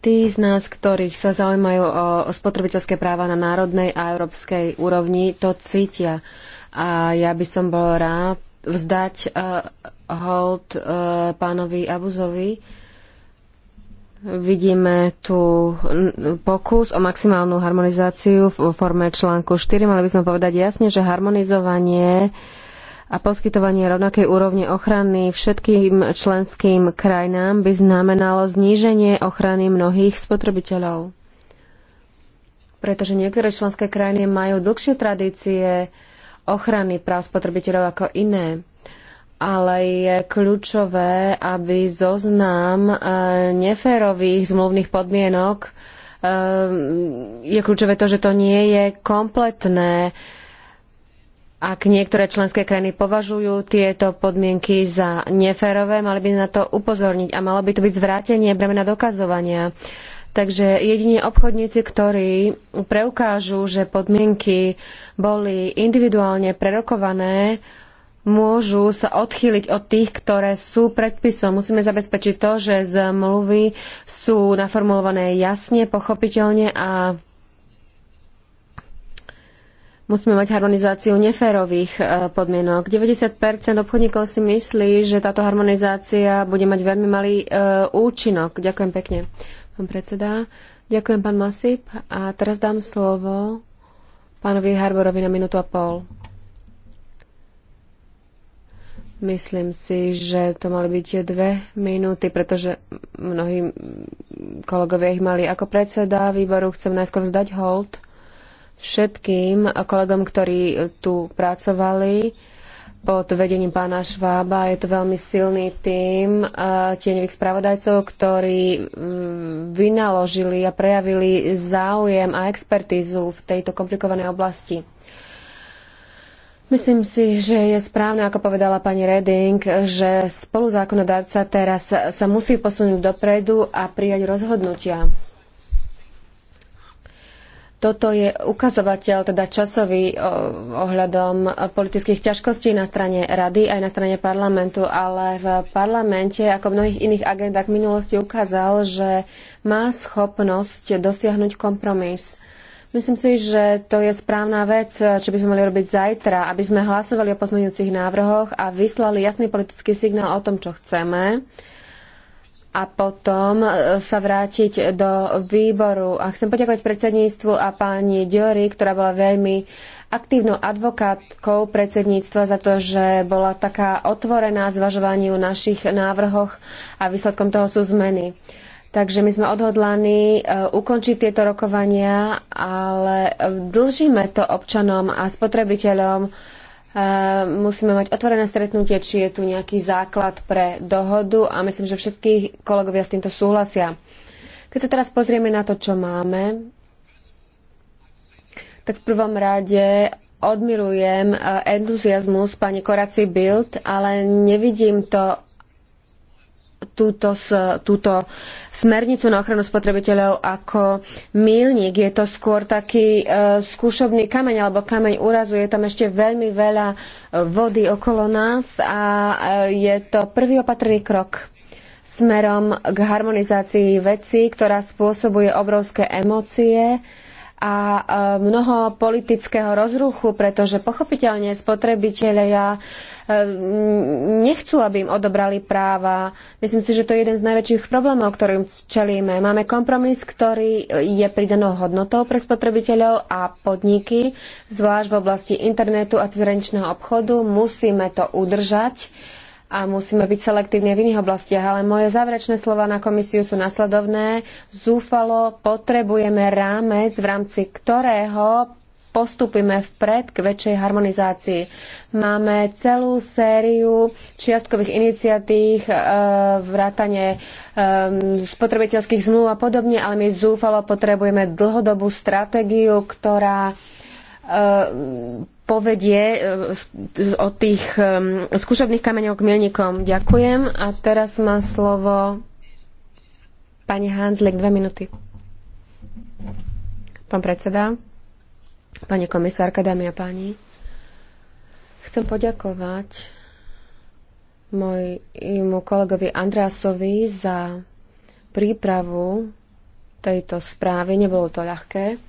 [SPEAKER 3] Tí z nás, ktorých sa zaujímajú o spotrebiteľské práva na národnej a európskej úrovni, to cítia. A ja by som bol rád vzdať hold pánovi Abuzovi, Vidíme tu pokus o maximálnu harmonizáciu v forme článku 4. Mali by sme povedať jasne, že harmonizovanie a poskytovanie rovnakej úrovne ochrany všetkým členským krajinám by znamenalo zníženie ochrany mnohých spotrebiteľov. Pretože niektoré členské krajiny majú dlhšie tradície ochrany práv spotrebiteľov ako iné ale je kľúčové, aby zoznam e, neférových zmluvných podmienok e, je kľúčové to, že to nie je kompletné. Ak niektoré členské krajiny považujú tieto podmienky za neférové, mali by na to upozorniť a malo by to byť zvrátenie bremena dokazovania. Takže jedine obchodníci, ktorí preukážu, že podmienky boli individuálne prerokované, môžu sa odchýliť od tých, ktoré sú predpisom. Musíme zabezpečiť to, že zmluvy sú naformulované jasne, pochopiteľne a musíme mať harmonizáciu neférových e, podmienok. 90% obchodníkov si myslí, že táto harmonizácia bude mať veľmi malý e, účinok. Ďakujem pekne, pán predseda. Ďakujem, pán Masip. A teraz dám slovo pánovi Harborovi na minútu a pol. Myslím si, že to mali byť dve minúty, pretože mnohí kolegovia ich mali ako predseda výboru. Chcem najskôr vzdať hold všetkým kolegom, ktorí tu pracovali pod vedením pána Švába. Je to veľmi silný tím eh, tieňových spravodajcov, ktorí mm, vynaložili a prejavili záujem a expertízu v tejto komplikovanej oblasti. Myslím si, že je správne, ako povedala pani Reding, že spoluzákonodárca teraz sa musí posunúť dopredu a prijať rozhodnutia. Toto je ukazovateľ, teda časový ohľadom politických ťažkostí na strane rady aj na strane parlamentu, ale v parlamente, ako v mnohých iných agendách v minulosti, ukázal, že má schopnosť dosiahnuť kompromis Myslím si, že to je správna vec, čo by sme mali robiť zajtra, aby sme hlasovali o pozmeňujúcich návrhoch a vyslali jasný politický signál o tom, čo chceme a potom e, sa vrátiť do výboru. A chcem poďakovať predsedníctvu a pani Diori, ktorá bola veľmi aktívnou advokátkou predsedníctva za to, že bola taká otvorená zvažovaniu našich návrhoch a výsledkom toho sú zmeny. Takže my sme odhodlaní e, ukončiť tieto rokovania, ale e, dlžíme to občanom a spotrebiteľom. E, musíme mať otvorené stretnutie, či je tu nejaký základ pre dohodu a myslím, že všetky kolegovia s týmto súhlasia. Keď sa teraz pozrieme na to, čo máme, tak v prvom rade odmirujem entuziasmus pani Koraci Bild, ale nevidím to túto, túto smernicu na ochranu spotrebiteľov ako milník. Je to skôr taký e, skúšobný kameň alebo kameň úrazu. Je tam ešte veľmi veľa e, vody okolo nás a e, je to prvý opatrný krok smerom k harmonizácii vecí, ktorá spôsobuje obrovské emócie a e, mnoho politického rozruchu, pretože pochopiteľne spotrebitelia e, nechcú, aby im odobrali práva. Myslím si, že to je jeden z najväčších problémov, ktorým čelíme. Máme kompromis, ktorý je pridanou hodnotou pre spotrebiteľov a podniky, zvlášť v oblasti internetu a cezhraničného obchodu. Musíme to udržať a musíme byť selektívne v iných oblastiach. Ale moje záverečné slova na komisiu sú nasledovné. Zúfalo potrebujeme rámec, v rámci ktorého postupíme vpred k väčšej harmonizácii. Máme celú sériu čiastkových iniciatív, e, vrátanie e, spotrebiteľských zmluv a podobne, ale my zúfalo potrebujeme dlhodobú stratégiu, ktorá e, povedie e, o tých skúšobných kameňov k milníkom. Ďakujem. A teraz má slovo pani Hanslik, dve minúty. Pán predseda, pani komisárka, dámy a páni. Chcem poďakovať mojmu kolegovi Andrásovi za prípravu tejto správy. Nebolo to ľahké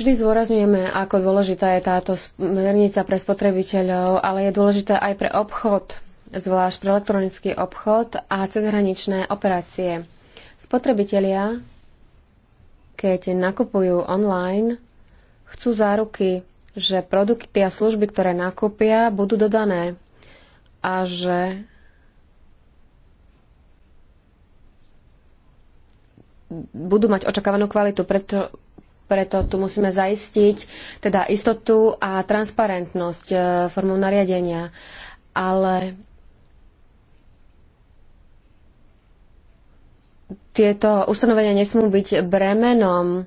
[SPEAKER 3] Vždy zdôrazňujeme, ako dôležitá je táto smernica pre spotrebiteľov, ale je dôležitá aj pre obchod, zvlášť pre elektronický obchod a cezhraničné operácie. Spotrebitelia, keď nakupujú online, chcú záruky, že produkty a služby, ktoré nakúpia, budú dodané a že budú mať očakávanú kvalitu, preto preto tu musíme zaistiť teda istotu a transparentnosť e, formou nariadenia. Ale tieto ustanovenia nesmú byť bremenom.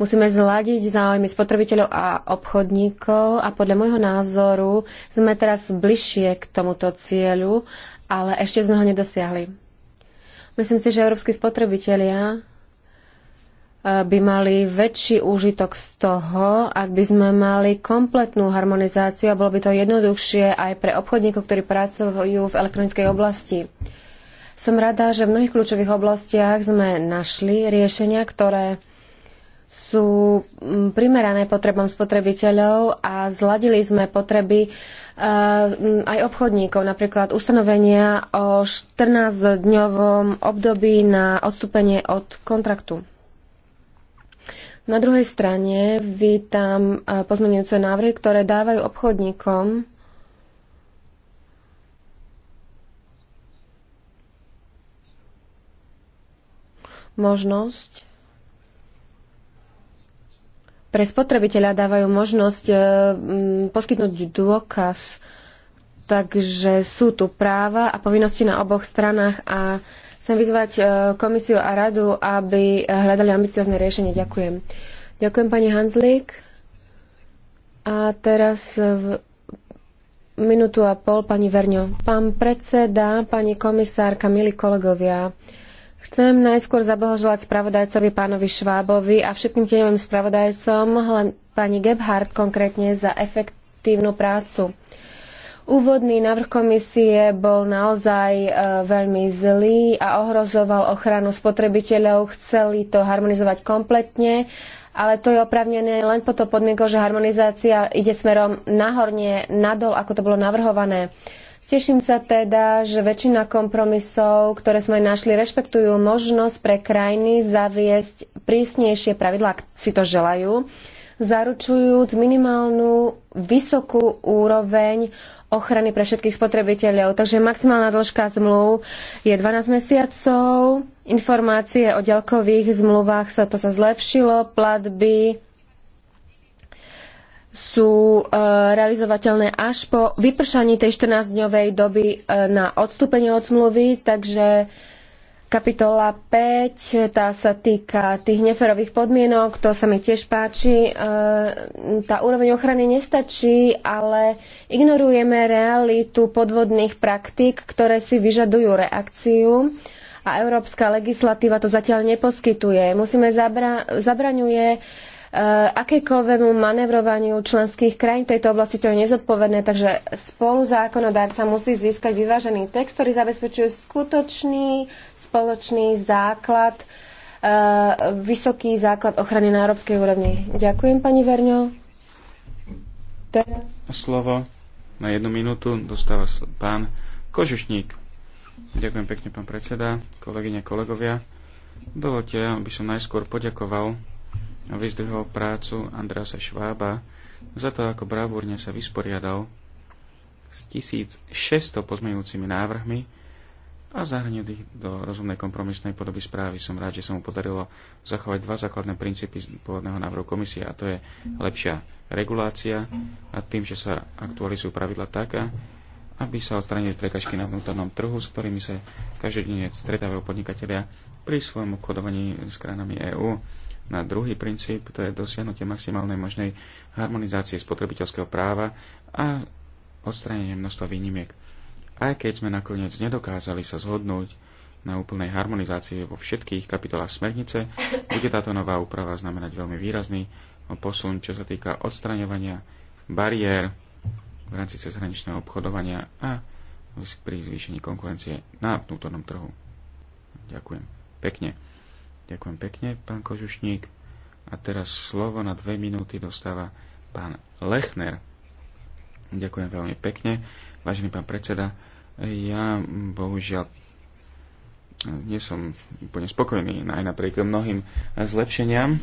[SPEAKER 3] Musíme zladiť záujmy spotrebiteľov a obchodníkov a podľa môjho názoru sme teraz bližšie k tomuto cieľu, ale ešte sme ho nedosiahli. Myslím si, že európsky spotrebitelia E, by mali väčší úžitok z toho, ak by sme mali kompletnú harmonizáciu a bolo by to jednoduchšie aj pre obchodníkov, ktorí pracujú v elektronickej oblasti. Som rada, že v mnohých kľúčových oblastiach sme našli riešenia, ktoré sú primerané potrebám spotrebiteľov a zladili sme potreby e, aj obchodníkov, napríklad ustanovenia o 14-dňovom období na odstúpenie od kontraktu. Na druhej strane vítam eh, pozmenujúce návrhy, ktoré dávajú obchodníkom možnosť pre spotrebiteľa dávajú možnosť eh, poskytnúť dôkaz, takže sú tu práva a povinnosti na oboch stranách a Chcem vyzvať e, komisiu a radu, aby e, hľadali ambiciozne riešenie. Ďakujem. Ďakujem pani Hanzlík. A teraz v minútu a pol pani Verňo. Pán predseda, pani komisárka, milí kolegovia, chcem najskôr zablahoželať spravodajcovi pánovi Švábovi a všetkým tieňovým spravodajcom, hlavne pani Gebhardt konkrétne za efektívnu prácu. Úvodný návrh komisie bol naozaj e, veľmi zlý a ohrozoval ochranu spotrebiteľov. Chceli to harmonizovať kompletne, ale to je oprávnené len pod to podmienkou, že harmonizácia ide smerom nahorne, nadol, ako to bolo navrhované. Teším sa teda, že väčšina kompromisov, ktoré sme našli, rešpektujú možnosť pre krajiny zaviesť prísnejšie pravidlá, ak si to želajú zaručujúc minimálnu vysokú úroveň ochrany pre všetkých spotrebiteľov. Takže maximálna dĺžka zmluv je 12 mesiacov. Informácie o ďalkových zmluvách sa to sa zlepšilo. Platby sú e, realizovateľné až po vypršaní tej 14-dňovej doby e, na odstúpenie od zmluvy, takže Kapitola 5, tá sa týka tých neferových podmienok, to sa mi tiež páči. E, tá úroveň ochrany nestačí, ale ignorujeme realitu podvodných praktík, ktoré si vyžadujú reakciu a európska legislatíva to zatiaľ neposkytuje. Musíme zabra- zabraňuje Eh, akékoľvému manevrovaniu členských krajín v tejto oblasti to je nezodpovedné, takže spolu zákonodárca musí získať vyvážený text, ktorý zabezpečuje skutočný spoločný základ, eh, vysoký základ ochrany na európskej úrovni. Ďakujem, pani Verňo.
[SPEAKER 1] Slovo na jednu minútu dostáva pán Kožešník. Ďakujem pekne, pán predseda, kolegyne, kolegovia. Dovolte, aby som najskôr poďakoval vyzdvihol prácu Andrása Švába za to, ako bravúrne sa vysporiadal s 1600 pozmeňujúcimi návrhmi a zahrnil ich do rozumnej kompromisnej podoby správy. Som rád, že sa mu podarilo zachovať dva základné princípy z pôvodného návrhu komisie, a to je lepšia regulácia a tým, že sa aktualizujú pravidla taká, aby sa odstránili prekažky na vnútornom trhu, s ktorými sa každodenne stretávajú podnikatelia pri svojom obchodovaní s krajinami EÚ. Na druhý princíp to je dosiahnutie maximálnej možnej harmonizácie spotrebiteľského práva a odstránenie množstva výnimiek. Aj keď sme nakoniec nedokázali sa zhodnúť na úplnej harmonizácii vo všetkých kapitolách smernice, bude táto nová úprava znamenať veľmi výrazný posun, čo sa týka odstraňovania bariér v rámci cezhraničného obchodovania a pri zvýšení konkurencie na vnútornom trhu. Ďakujem. Pekne. Ďakujem pekne, pán Kožušník. A teraz slovo na dve minúty dostáva pán Lechner. Ďakujem veľmi pekne. Vážený pán predseda, ja bohužiaľ nie som úplne spokojný aj napriek mnohým zlepšeniam,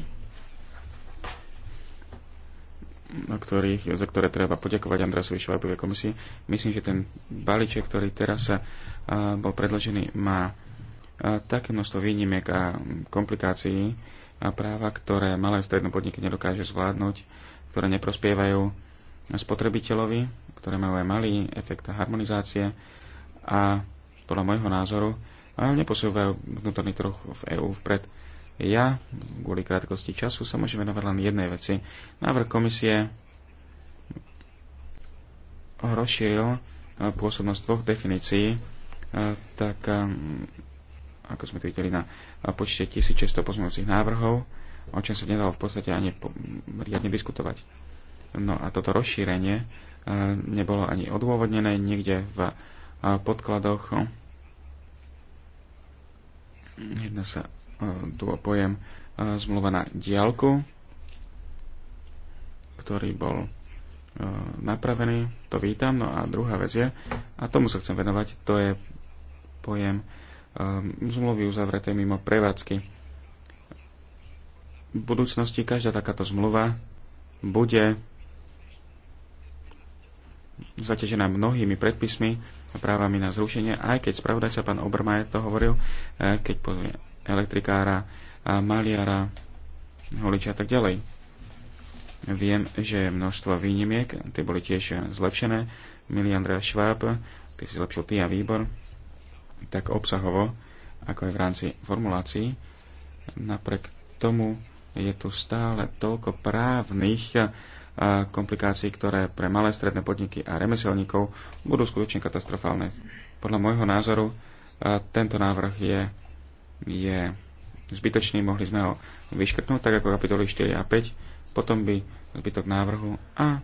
[SPEAKER 1] o ktorých, za ktoré treba poďakovať Andrasovi Švajbovej komisii. Myslím, že ten balíček, ktorý teraz sa, bol predložený, má také množstvo výnimiek a komplikácií a práva, ktoré malé stredné podniky nedokáže zvládnuť, ktoré neprospievajú spotrebiteľovi, ktoré majú aj malý efekt harmonizácie a podľa môjho názoru neposúvajú vnútorný trh v EÚ vpred. Ja, kvôli krátkosti času, sa môžem venovať len jednej veci. Návrh komisie rozšíril pôsobnosť dvoch definícií, eh, tak eh, ako sme to videli na počte 1600 pozmeňujúcich návrhov, o čom sa nedalo v podstate ani riadne diskutovať. No a toto rozšírenie e, nebolo ani odôvodnené nikde v e, podkladoch. Jedná sa e, tu o pojem zmluva na diálku, ktorý bol napravený, to vítam. No a druhá vec je, a tomu sa chcem venovať, to je pojem Ehm, zmluvy uzavreté mimo prevádzky. V budúcnosti každá takáto zmluva bude zaťažená mnohými predpismi a právami na zrušenie, aj keď spravodajca pán Obermajer to hovoril, e, keď pozrie elektrikára, maliara, holiča a tak ďalej. Viem, že je množstvo výnimiek, tie boli tiež zlepšené. Milý Andrea Šváb, ty si zlepšil ty a výbor tak obsahovo, ako aj v rámci formulácií. Napriek tomu je tu stále toľko právnych komplikácií, ktoré pre malé stredné podniky a remeselníkov budú skutočne katastrofálne. Podľa môjho názoru tento návrh je, je zbytočný, mohli sme ho vyškrtnúť, tak ako kapitoly 4 a 5, potom by zbytok návrhu a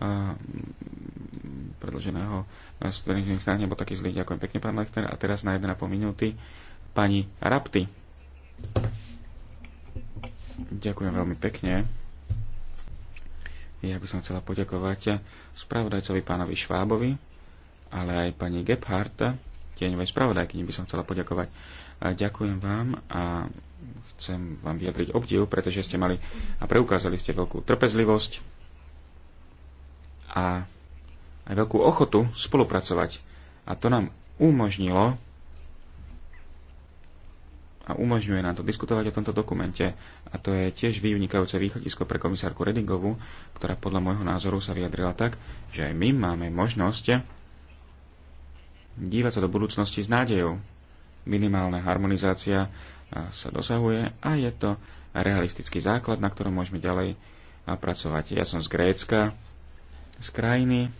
[SPEAKER 1] Mm, predloženého stredných strán bo taký zlý. Ďakujem pekne, pán Lechner. A teraz na 1,5 minúty pani Rapty. Ďakujem veľmi pekne. Ja by som chcela poďakovať spravodajcovi pánovi Švábovi, ale aj pani Gebhardt, tieňovej spravodajkyni by som chcela poďakovať. A ďakujem vám a chcem vám vyjadriť obdiv, pretože ste mali a preukázali ste veľkú trpezlivosť a aj veľkú ochotu spolupracovať. A to nám umožnilo a umožňuje nám to diskutovať o tomto dokumente. A to je tiež vynikajúce východisko pre komisárku Redingovu, ktorá podľa môjho názoru sa vyjadrila tak, že aj my máme možnosť dívať sa do budúcnosti s nádejou. Minimálna harmonizácia sa dosahuje a je to realistický základ, na ktorom môžeme ďalej pracovať. Ja som z Grécka, z krajiny,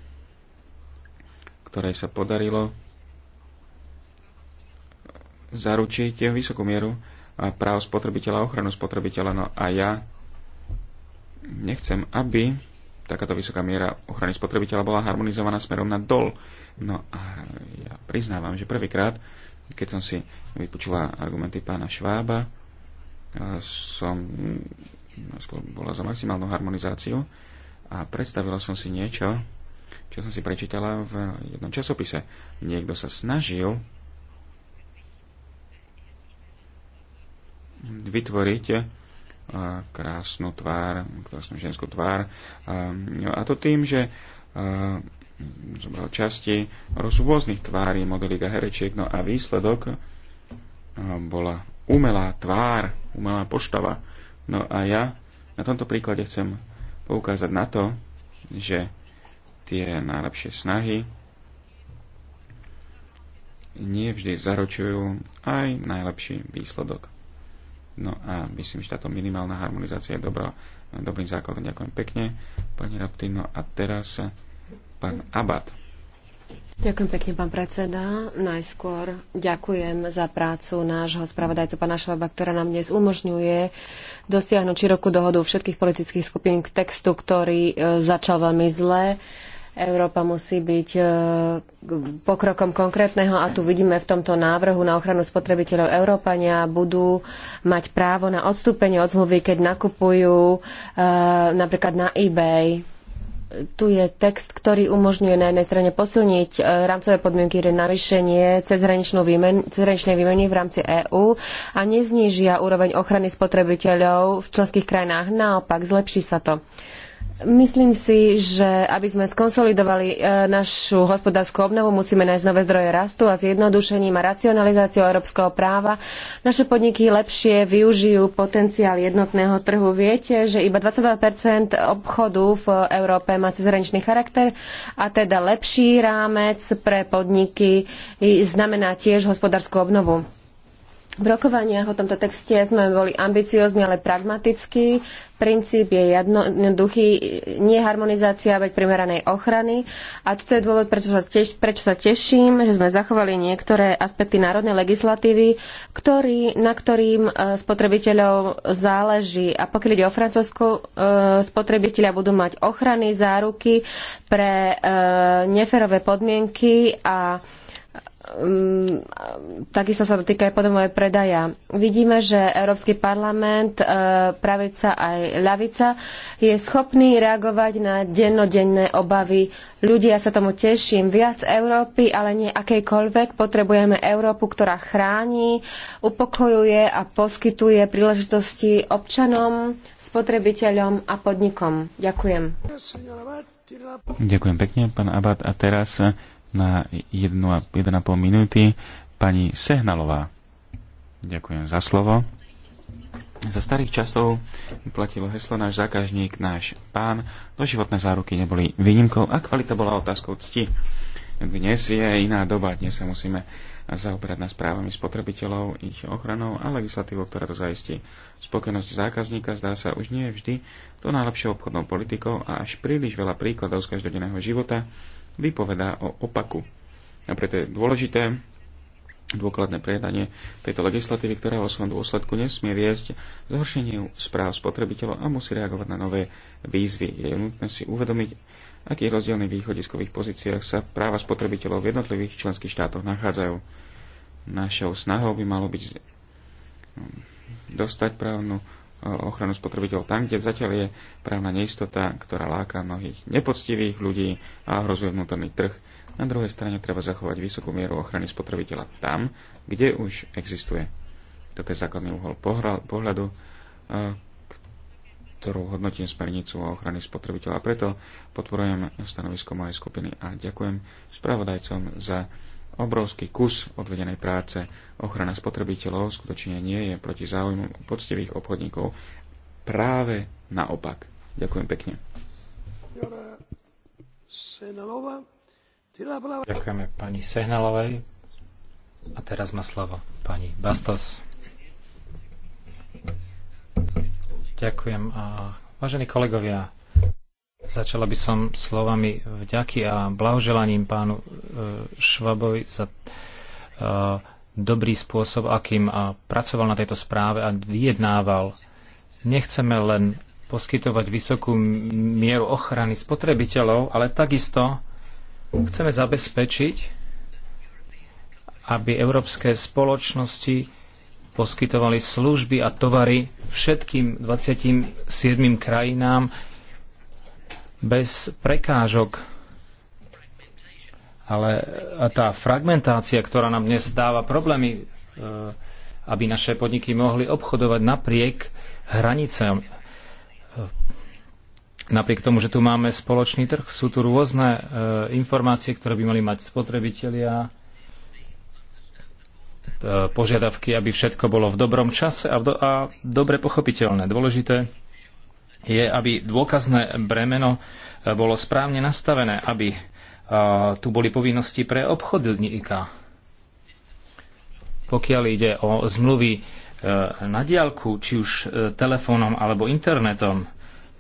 [SPEAKER 1] ktorej sa podarilo zaručiť vysokú mieru práv spotrebiteľa a ochranu spotrebiteľa. No a ja nechcem, aby takáto vysoká miera ochrany spotrebiteľa bola harmonizovaná smerom na dol. No a ja priznávam, že prvýkrát, keď som si vypočula argumenty pána Švába, eh, som mm, skôr bola za maximálnu harmonizáciu, a predstavila som si niečo, čo som si prečítala v jednom časopise. Niekto sa snažil vytvoriť eh, krásnu tvár, krásnu ženskú tvár. Eh, a to tým, že eh, zobral časti rôznych tvári, modelík a herečiek, no a výsledok bola umelá tvár, umelá poštava. No a ja na tomto príklade chcem poukázať na to, že tie najlepšie snahy nie vždy zaručujú aj najlepší výsledok. No a myslím, že táto minimálna harmonizácia je dobrá, dobrým základom. Ďakujem pekne, pani Raptino. A teraz pán Abad.
[SPEAKER 3] Ďakujem pekne, pán predseda. Najskôr ďakujem za prácu nášho spravodajcu pána Švaba, ktorá nám dnes umožňuje dosiahnuť širokú dohodu všetkých politických skupín k textu, ktorý e, začal veľmi zle. Európa musí byť e, pokrokom konkrétneho a tu vidíme v tomto návrhu na ochranu spotrebiteľov Európania budú mať právo na odstúpenie od zmluvy, keď nakupujú e, napríklad na eBay tu je text, ktorý umožňuje na jednej strane posilniť e, rámcové podmienky pre navýšenie cezhraničnej výmeny v rámci EÚ a neznížia úroveň ochrany spotrebiteľov v členských krajinách. Naopak, zlepší sa to. Myslím si, že aby sme skonsolidovali e, našu hospodársku obnovu, musíme nájsť nové zdroje rastu a zjednodušením a racionalizáciou európskeho práva naše podniky lepšie využijú potenciál jednotného trhu. Viete, že iba 22 obchodu v Európe má cezhraničný charakter a teda lepší rámec pre podniky znamená tiež hospodársku obnovu. V rokovaniach o tomto texte sme boli ambiciozni, ale pragmatickí. Princíp je jednoduchý, nie harmonizácia, veď primeranej ochrany. A toto je dôvod, prečo sa, teš, prečo sa teším, že sme zachovali niektoré aspekty národnej legislatívy, ktorý, na ktorým e, spotrebiteľov záleží. A pokiaľ ide o Francúzsku, e, spotrebiteľa budú mať ochrany, záruky pre e, neferové podmienky a um, takisto sa to týka aj potom predaja. Vidíme, že Európsky parlament, uh, pravica aj ľavica, je schopný reagovať na dennodenné obavy ľudia sa tomu teším. Viac Európy, ale nie akejkoľvek. Potrebujeme Európu, ktorá chráni, upokojuje a poskytuje príležitosti občanom, spotrebiteľom a podnikom. Ďakujem.
[SPEAKER 1] Ďakujem pekne, pán Abad. A teraz na 1,5 minúty pani Sehnalová. Ďakujem za slovo. Za starých časov platilo heslo náš zákažník, náš pán. Doživotné záruky neboli výnimkou a kvalita bola otázkou cti. Dnes je iná doba, dnes sa musíme zaoberať nad správami spotrebiteľov, ich ochranou a legislatívou, ktorá to zaistí. Spokojnosť zákazníka zdá sa už nie vždy to najlepšou obchodnou politikou a až príliš veľa príkladov z každodenného života vypovedá o opaku. A preto je dôležité dôkladné prejedanie tejto legislatívy, ktorá vo svojom dôsledku nesmie viesť zhoršeniu správ spotrebiteľov a musí reagovať na nové výzvy. Je nutné si uvedomiť, akých rozdielnych východiskových pozíciách sa práva spotrebiteľov v jednotlivých členských štátoch nachádzajú. Našou snahou by malo byť dostať právnu ochranu spotrebiteľov tam, kde zatiaľ je právna neistota, ktorá láka mnohých nepoctivých ľudí a hrozuje vnútorný trh. Na druhej strane treba zachovať vysokú mieru ochrany spotrebiteľa tam, kde už existuje. Toto je základný uhol pohľadu, e, ktorú hodnotím smernicu o ochrany spotrebiteľa. Preto podporujem stanovisko mojej skupiny a ďakujem spravodajcom za obrovský kus odvedenej práce. Ochrana spotrebiteľov skutočne nie je proti záujmu poctivých obchodníkov. Práve naopak. Ďakujem pekne. Ďakujeme
[SPEAKER 2] pani Sehnalovej. A teraz má slovo pani
[SPEAKER 3] Bastos.
[SPEAKER 2] Ďakujem. Vážení kolegovia, Začala by som slovami vďaky a blahoželaním pánu e, Švabovi za e, dobrý spôsob, akým e, pracoval na tejto správe a vyjednával. Nechceme len poskytovať vysokú mieru ochrany spotrebiteľov, ale takisto chceme zabezpečiť, aby európske spoločnosti poskytovali služby a tovary všetkým 27 krajinám bez prekážok. Ale tá fragmentácia, ktorá nám dnes dáva problémy, e, aby naše podniky mohli obchodovať napriek hranicám, e, napriek tomu, že tu máme spoločný trh, sú tu rôzne e, informácie, ktoré by mali mať spotrebitelia, požiadavky, aby všetko bolo v dobrom čase a, do, a dobre pochopiteľné. Dôležité je, aby dôkazné bremeno e, bolo správne nastavené, aby e, tu boli povinnosti pre obchodníka. Pokiaľ ide o zmluvy e, na diálku, či už telefónom alebo internetom,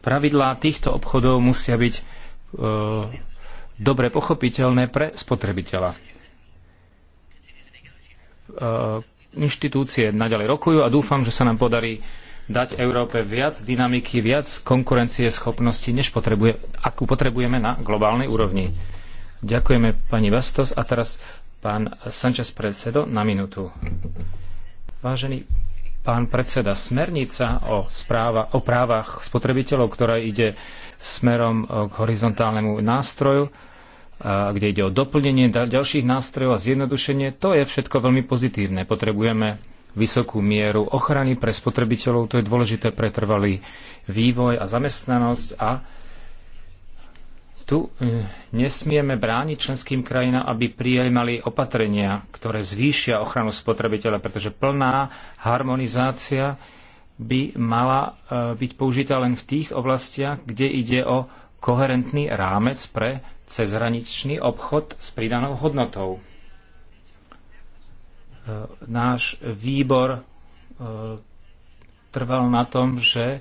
[SPEAKER 2] pravidlá týchto obchodov musia byť dobre pochopiteľné pre spotrebiteľa. Inštitúcie naďalej rokujú a dúfam, že sa nám podarí dať Európe viac dynamiky, viac konkurencie schopnosti, než potrebuje, akú potrebujeme na globálnej úrovni. Ďakujeme pani Bastos a teraz pán Sanchez predsedo na minútu. Vážený pán predseda, smernica o, správa, o právach spotrebiteľov, ktorá ide smerom eh, k horizontálnemu nástroju, eh, kde ide o doplnenie ďalších nástrojov a zjednodušenie, to je všetko veľmi pozitívne. Potrebujeme vysokú mieru ochrany pre spotrebiteľov, to je dôležité pre trvalý vývoj a zamestnanosť a tu e, nesmieme brániť členským krajinám, aby prijímali opatrenia, ktoré zvýšia ochranu spotrebiteľa, pretože plná harmonizácia by mala e, byť použitá len v tých oblastiach, kde ide o koherentný rámec pre cezhraničný obchod s pridanou hodnotou. E, náš výbor e, trval na tom, že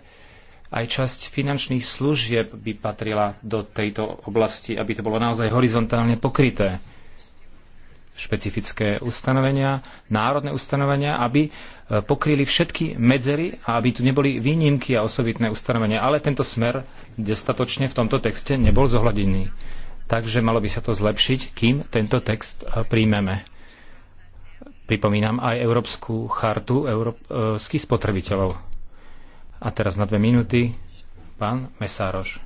[SPEAKER 2] aj časť finančných služieb by patrila do tejto oblasti, aby to bolo naozaj horizontálne pokryté. Špecifické ustanovenia, národné ustanovenia, aby e, pokryli všetky medzery a aby tu neboli výnimky a osobitné ustanovenia. Ale tento smer dostatočne v tomto texte nebol zohľadený. Takže malo by sa to zlepšiť, kým tento text príjmeme. Pripomínam aj Európsku chartu európskych spotrebiteľov. A teraz na dve minúty pán Mesároš.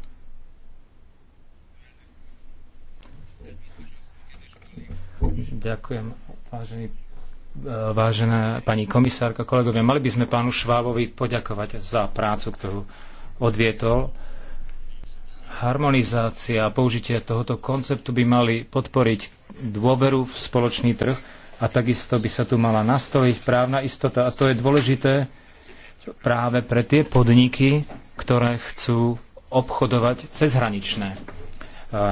[SPEAKER 2] Ďakujem, vážený vážená pani komisárka, kolegovia, mali by sme pánu Švábovi poďakovať za prácu, ktorú odvietol. Harmonizácia a použitie tohoto konceptu by mali podporiť dôveru v spoločný trh a takisto by sa tu mala nastoliť právna istota a to je dôležité práve pre tie podniky, ktoré chcú obchodovať cezhraničné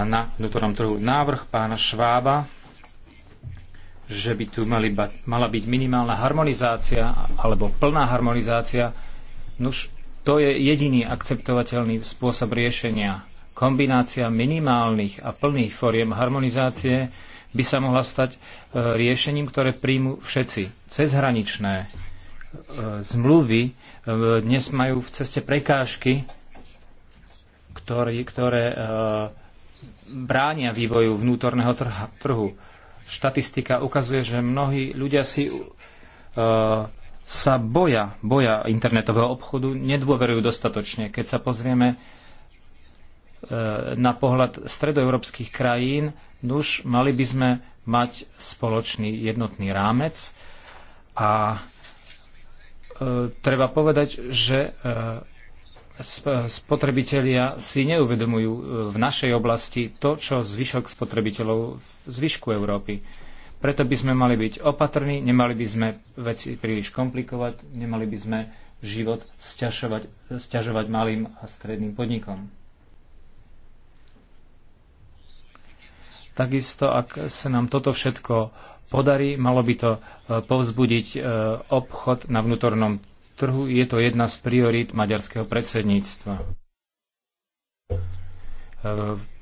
[SPEAKER 2] na vnútornom trhu. Návrh pána Švába, že by tu mali ba- mala byť minimálna harmonizácia alebo plná harmonizácia, nuž to je jediný akceptovateľný spôsob riešenia. Kombinácia minimálnych a plných foriem harmonizácie by sa mohla stať e, riešením, ktoré príjmu všetci. Cezhraničné e, zmluvy e, dnes majú v ceste prekážky, ktoré, ktoré bránia vývoju vnútorného trhu. Štatistika ukazuje, že mnohí ľudia si sa boja, boja internetového obchodu, nedôverujú dostatočne. Keď sa pozrieme na pohľad stredoeurópskych krajín, Nuž, mali by sme mať spoločný jednotný rámec a e, treba povedať, že e, spotrebitelia si neuvedomujú e, v našej oblasti to, čo zvyšok spotrebiteľov v zvyšku Európy. Preto by sme mali byť opatrní, nemali by sme veci príliš komplikovať, nemali by sme život sťažovať malým a stredným podnikom. Takisto, ak sa nám toto všetko podarí, malo by to e, povzbudiť e, obchod na vnútornom trhu. Je to jedna z priorít maďarského predsedníctva. E,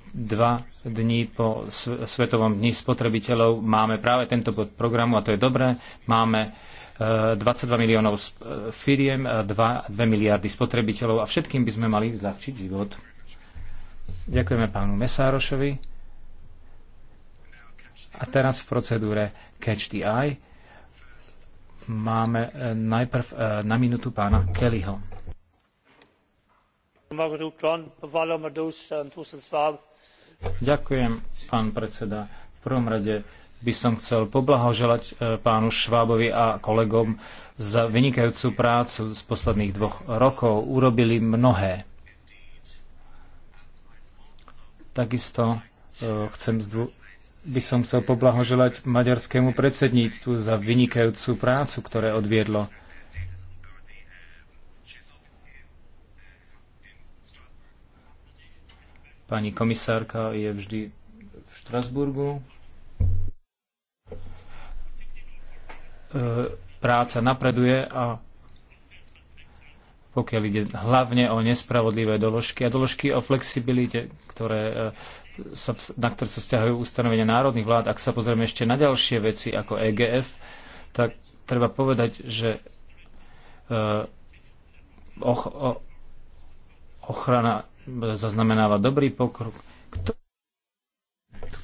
[SPEAKER 2] dva dní po Svetovom dni spotrebiteľov máme práve tento bod programu a to je dobré. Máme 22 miliónov firiem, 2, 2 miliardy spotrebiteľov a všetkým by sme mali zľahčiť život. Ďakujeme pánu Mesárošovi. A teraz v procedúre Catch the Eye máme eh, najprv eh, na minútu pána Kellyho. Ďakujem, pán predseda. V prvom rade by som chcel poblahoželať eh, pánu Švábovi a kolegom za vynikajúcu prácu z posledných dvoch rokov. Urobili mnohé. Takisto chcem zdôrazniť, by som chcel poblahoželať maďarskému predsedníctvu za vynikajúcu prácu, ktoré odviedlo. Pani komisárka je vždy v Štrasburgu. E, práca napreduje a pokiaľ ide hlavne o nespravodlivé doložky a doložky o flexibilite, ktoré e, na ktoré sa stiahujú ustanovenia národných vlád, ak sa pozrieme ešte na ďalšie veci ako EGF, tak treba povedať, že e, ochrana e, zaznamenáva dobrý pokrok.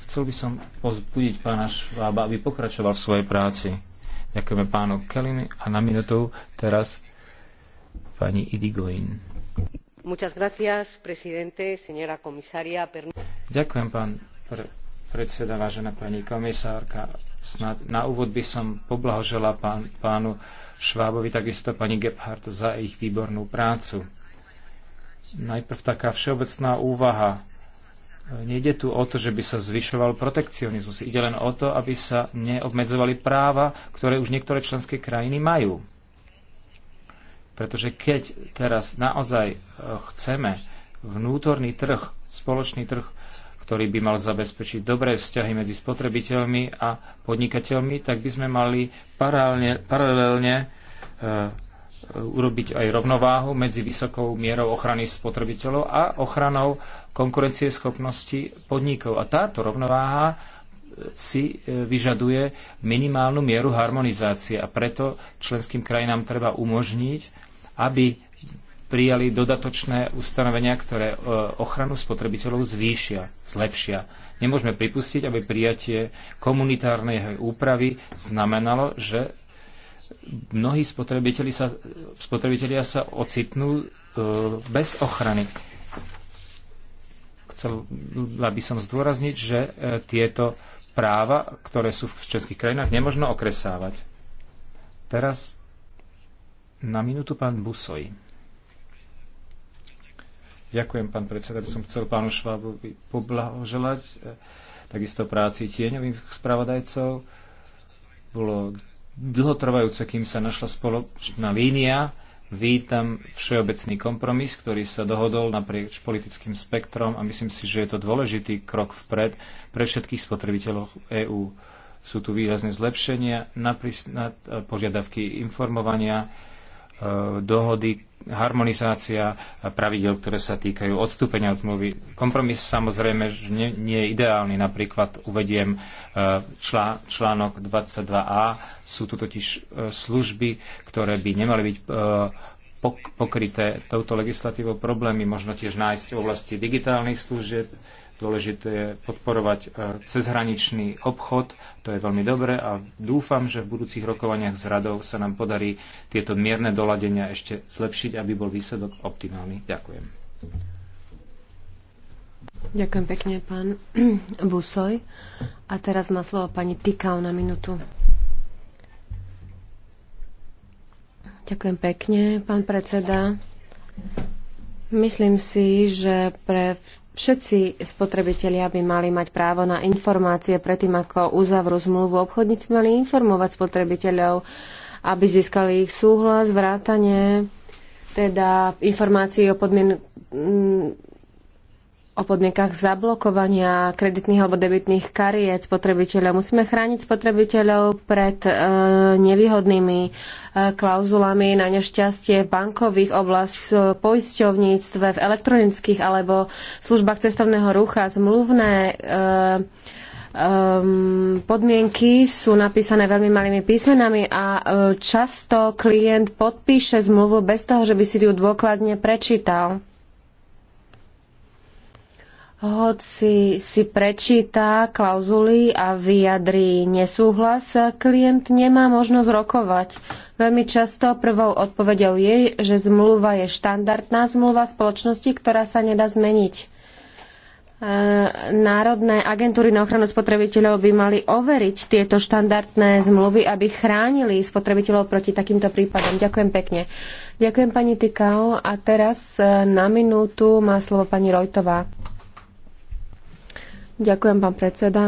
[SPEAKER 2] Chcel by som pozbudiť pána Švába, aby pokračoval v svojej práci. Ďakujeme pánu Kelly a na minútu teraz pani Idigoin.
[SPEAKER 3] Muchas gracias, presidente, señora comisaria.
[SPEAKER 2] Ďakujem, pán pre, predseda, vážená pani komisárka. Snad na úvod by som poblahožela pán, pánu Švábovi, takisto pani Gebhardt za ich výbornú prácu. Najprv taká všeobecná úvaha. Nejde tu o to, že by sa zvyšoval protekcionizmus. Ide len o to, aby sa neobmedzovali práva, ktoré už niektoré členské krajiny majú. Pretože keď teraz naozaj e, chceme vnútorný trh, spoločný trh ktorý by mal zabezpečiť dobré vzťahy medzi spotrebiteľmi a podnikateľmi, tak by sme mali paralelne, paralelne e, urobiť aj rovnováhu medzi vysokou mierou ochrany spotrebiteľov a ochranou konkurencieschopnosti podnikov. A táto rovnováha e, si e, vyžaduje minimálnu mieru harmonizácie a preto členským krajinám treba umožniť, aby prijali dodatočné ustanovenia, ktoré e, ochranu spotrebiteľov zvýšia, zlepšia. Nemôžeme pripustiť, aby prijatie komunitárnej úpravy znamenalo, že mnohí spotrebitelia sa, spotrebitelia sa ocitnú e, bez ochrany. Chcela by som zdôrazniť, že e, tieto práva, ktoré sú v českých krajinách, nemožno okresávať. Teraz na minútu pán Busoj. Ďakujem, pán predseda. By som chcel pánu Švábovi poblahoželať e, takisto práci tieňových spravodajcov. Bolo dlhotrvajúce, kým sa našla spoločná línia. Vítam všeobecný kompromis, ktorý sa dohodol naprieč politickým spektrom a myslím si, že je to dôležitý krok vpred pre všetkých spotrebiteľov EÚ. Sú tu výrazné zlepšenia na, e, požiadavky informovania, Eh, dohody, harmonizácia pravidel, ktoré sa týkajú odstúpenia od zmluvy. Kompromis samozrejme nie, nie je ideálny. Napríklad uvediem eh, člá, článok 22a. Sú tu totiž eh, služby, ktoré by nemali byť pokryté touto legislatívou problémy, možno tiež nájsť v oblasti digitálnych služieb, Dôležité je podporovať e, cezhraničný obchod, to je veľmi dobré a dúfam, že v budúcich rokovaniach s radou sa nám podarí tieto mierne doladenia ešte zlepšiť, aby bol výsledok optimálny. Ďakujem.
[SPEAKER 3] Ďakujem pekne, pán Busoj. A teraz má slovo pani Tikau na minútu. Ďakujem pekne, pán predseda. Myslím si, že pre Všetci spotrebitelia by mali mať právo na informácie predtým, ako uzavrú zmluvu. Obchodníci mali informovať spotrebiteľov, aby získali ich súhlas, vrátanie, teda informácií o podmien- o podmienkach zablokovania kreditných alebo debitných kariet spotrebiteľov. Musíme chrániť spotrebiteľov pred e, nevýhodnými e, klauzulami na nešťastie v bankových oblastiach, v poisťovníctve, v elektronických alebo službách cestovného rucha. Zmluvné e, um, podmienky sú napísané veľmi malými písmenami a uh, často klient podpíše zmluvu bez toho, že by si ju dôkladne prečítal. Hoci si prečíta klauzuly a vyjadrí nesúhlas, klient nemá možnosť rokovať. Veľmi často prvou odpovedou je, že zmluva je štandardná zmluva spoločnosti, ktorá sa nedá zmeniť. E, národné agentúry na ochranu spotrebiteľov by mali overiť tieto štandardné zmluvy, aby chránili spotrebiteľov proti takýmto prípadom. Ďakujem pekne. Ďakujem pani Tykau. a teraz e, na minútu má slovo pani Rojtová. Ďakujem, pán predseda.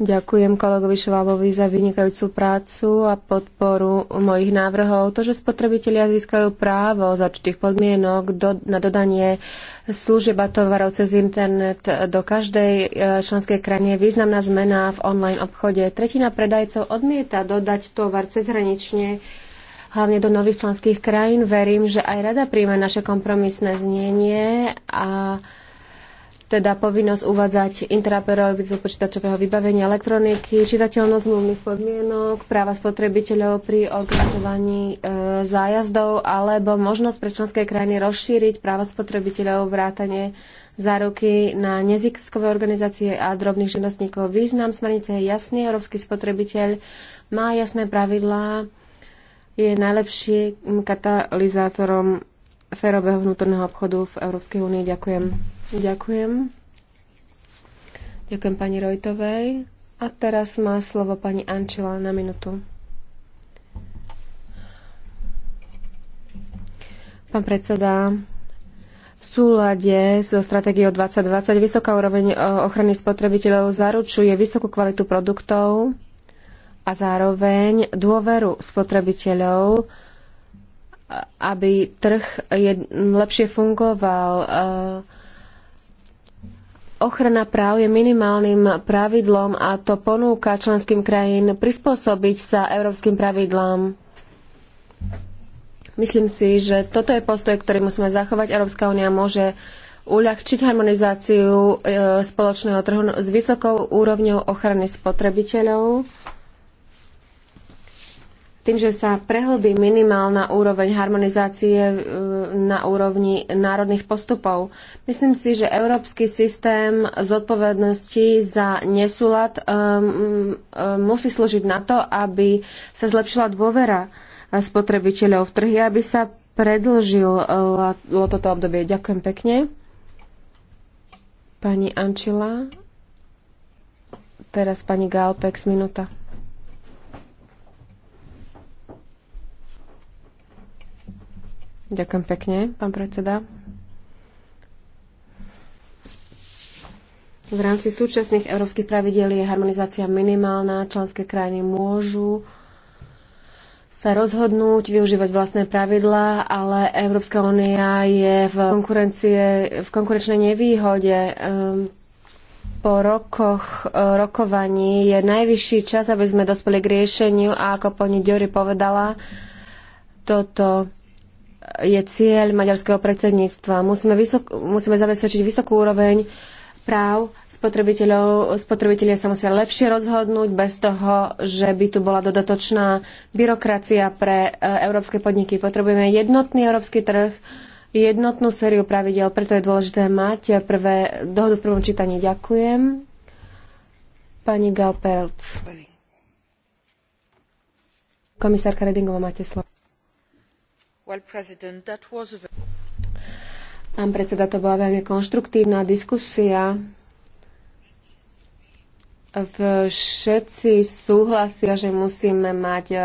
[SPEAKER 3] Ďakujem kolegovi Švábovi za vynikajúcu prácu a podporu mojich návrhov. To, že spotrebitelia získajú právo za určitých podmienok do, na dodanie služieb a tovarov cez internet do každej e, členskej krajiny je významná zmena v online obchode. Tretina predajcov odmieta dodať tovar cezhranične hlavne do nových členských krajín. Verím, že aj rada príjme naše kompromisné znenie a teda povinnosť uvádzať interoperabilitu počítačového vybavenia elektroniky, čitateľnosť zmluvných podmienok, práva spotrebiteľov pri organizovaní e, zájazdov alebo možnosť pre členské krajiny rozšíriť práva spotrebiteľov vrátane záruky na neziskové organizácie a drobných živnostníkov. Význam smernice je jasný, európsky spotrebiteľ má jasné pravidlá, je najlepším katalizátorom férového vnútorného obchodu v Európskej únii. Ďakujem. Ďakujem. Ďakujem pani Rojtovej. A teraz má slovo pani Ančila na minutu. Pán predseda, v súlade so stratégiou 2020 vysoká úroveň e, ochrany spotrebiteľov zaručuje vysokú kvalitu produktov a zároveň dôveru spotrebiteľov aby trh lepšie fungoval. E, ochrana práv je minimálnym pravidlom a to ponúka členským krajín prispôsobiť sa európskym pravidlám. Myslím si, že toto je postoj, ktorý musíme zachovať. Európska únia môže uľahčiť harmonizáciu e, spoločného trhu s vysokou úrovňou ochrany spotrebiteľov tým, že sa prehlbí minimálna úroveň harmonizácie e, na úrovni národných postupov. Myslím si, že európsky systém zodpovednosti za nesúlad um, um, musí slúžiť na to, aby sa zlepšila dôvera spotrebiteľov v trhy, aby sa predlžilo toto obdobie. Ďakujem pekne. Pani Ančila. Teraz pani Galpex, minúta. Ďakujem pekne, pán predseda. V rámci súčasných európskych pravidel je harmonizácia minimálna. Členské krajiny môžu sa rozhodnúť využívať vlastné pravidlá, ale Európska únia je v, konkurencie, v konkurenčnej nevýhode. Ehm, po rokoch e, rokovaní je najvyšší čas, aby sme dospeli k riešeniu a ako pani Diori povedala, toto je cieľ maďarského predsedníctva. Musíme, vysok, musíme zabezpečiť vysokú úroveň práv spotrebiteľov. Spotrebitelia sa musia lepšie rozhodnúť bez toho, že by tu bola dodatočná byrokracia pre e, európske podniky. Potrebujeme jednotný európsky trh, jednotnú sériu pravidel, preto je dôležité mať prvé dohodu v prvom čítaní. Ďakujem. Pani Galpelc. Komisárka Redingová, máte slovo. Pán predseda, to bola veľmi konštruktívna diskusia. Všetci súhlasia, že musíme mať e,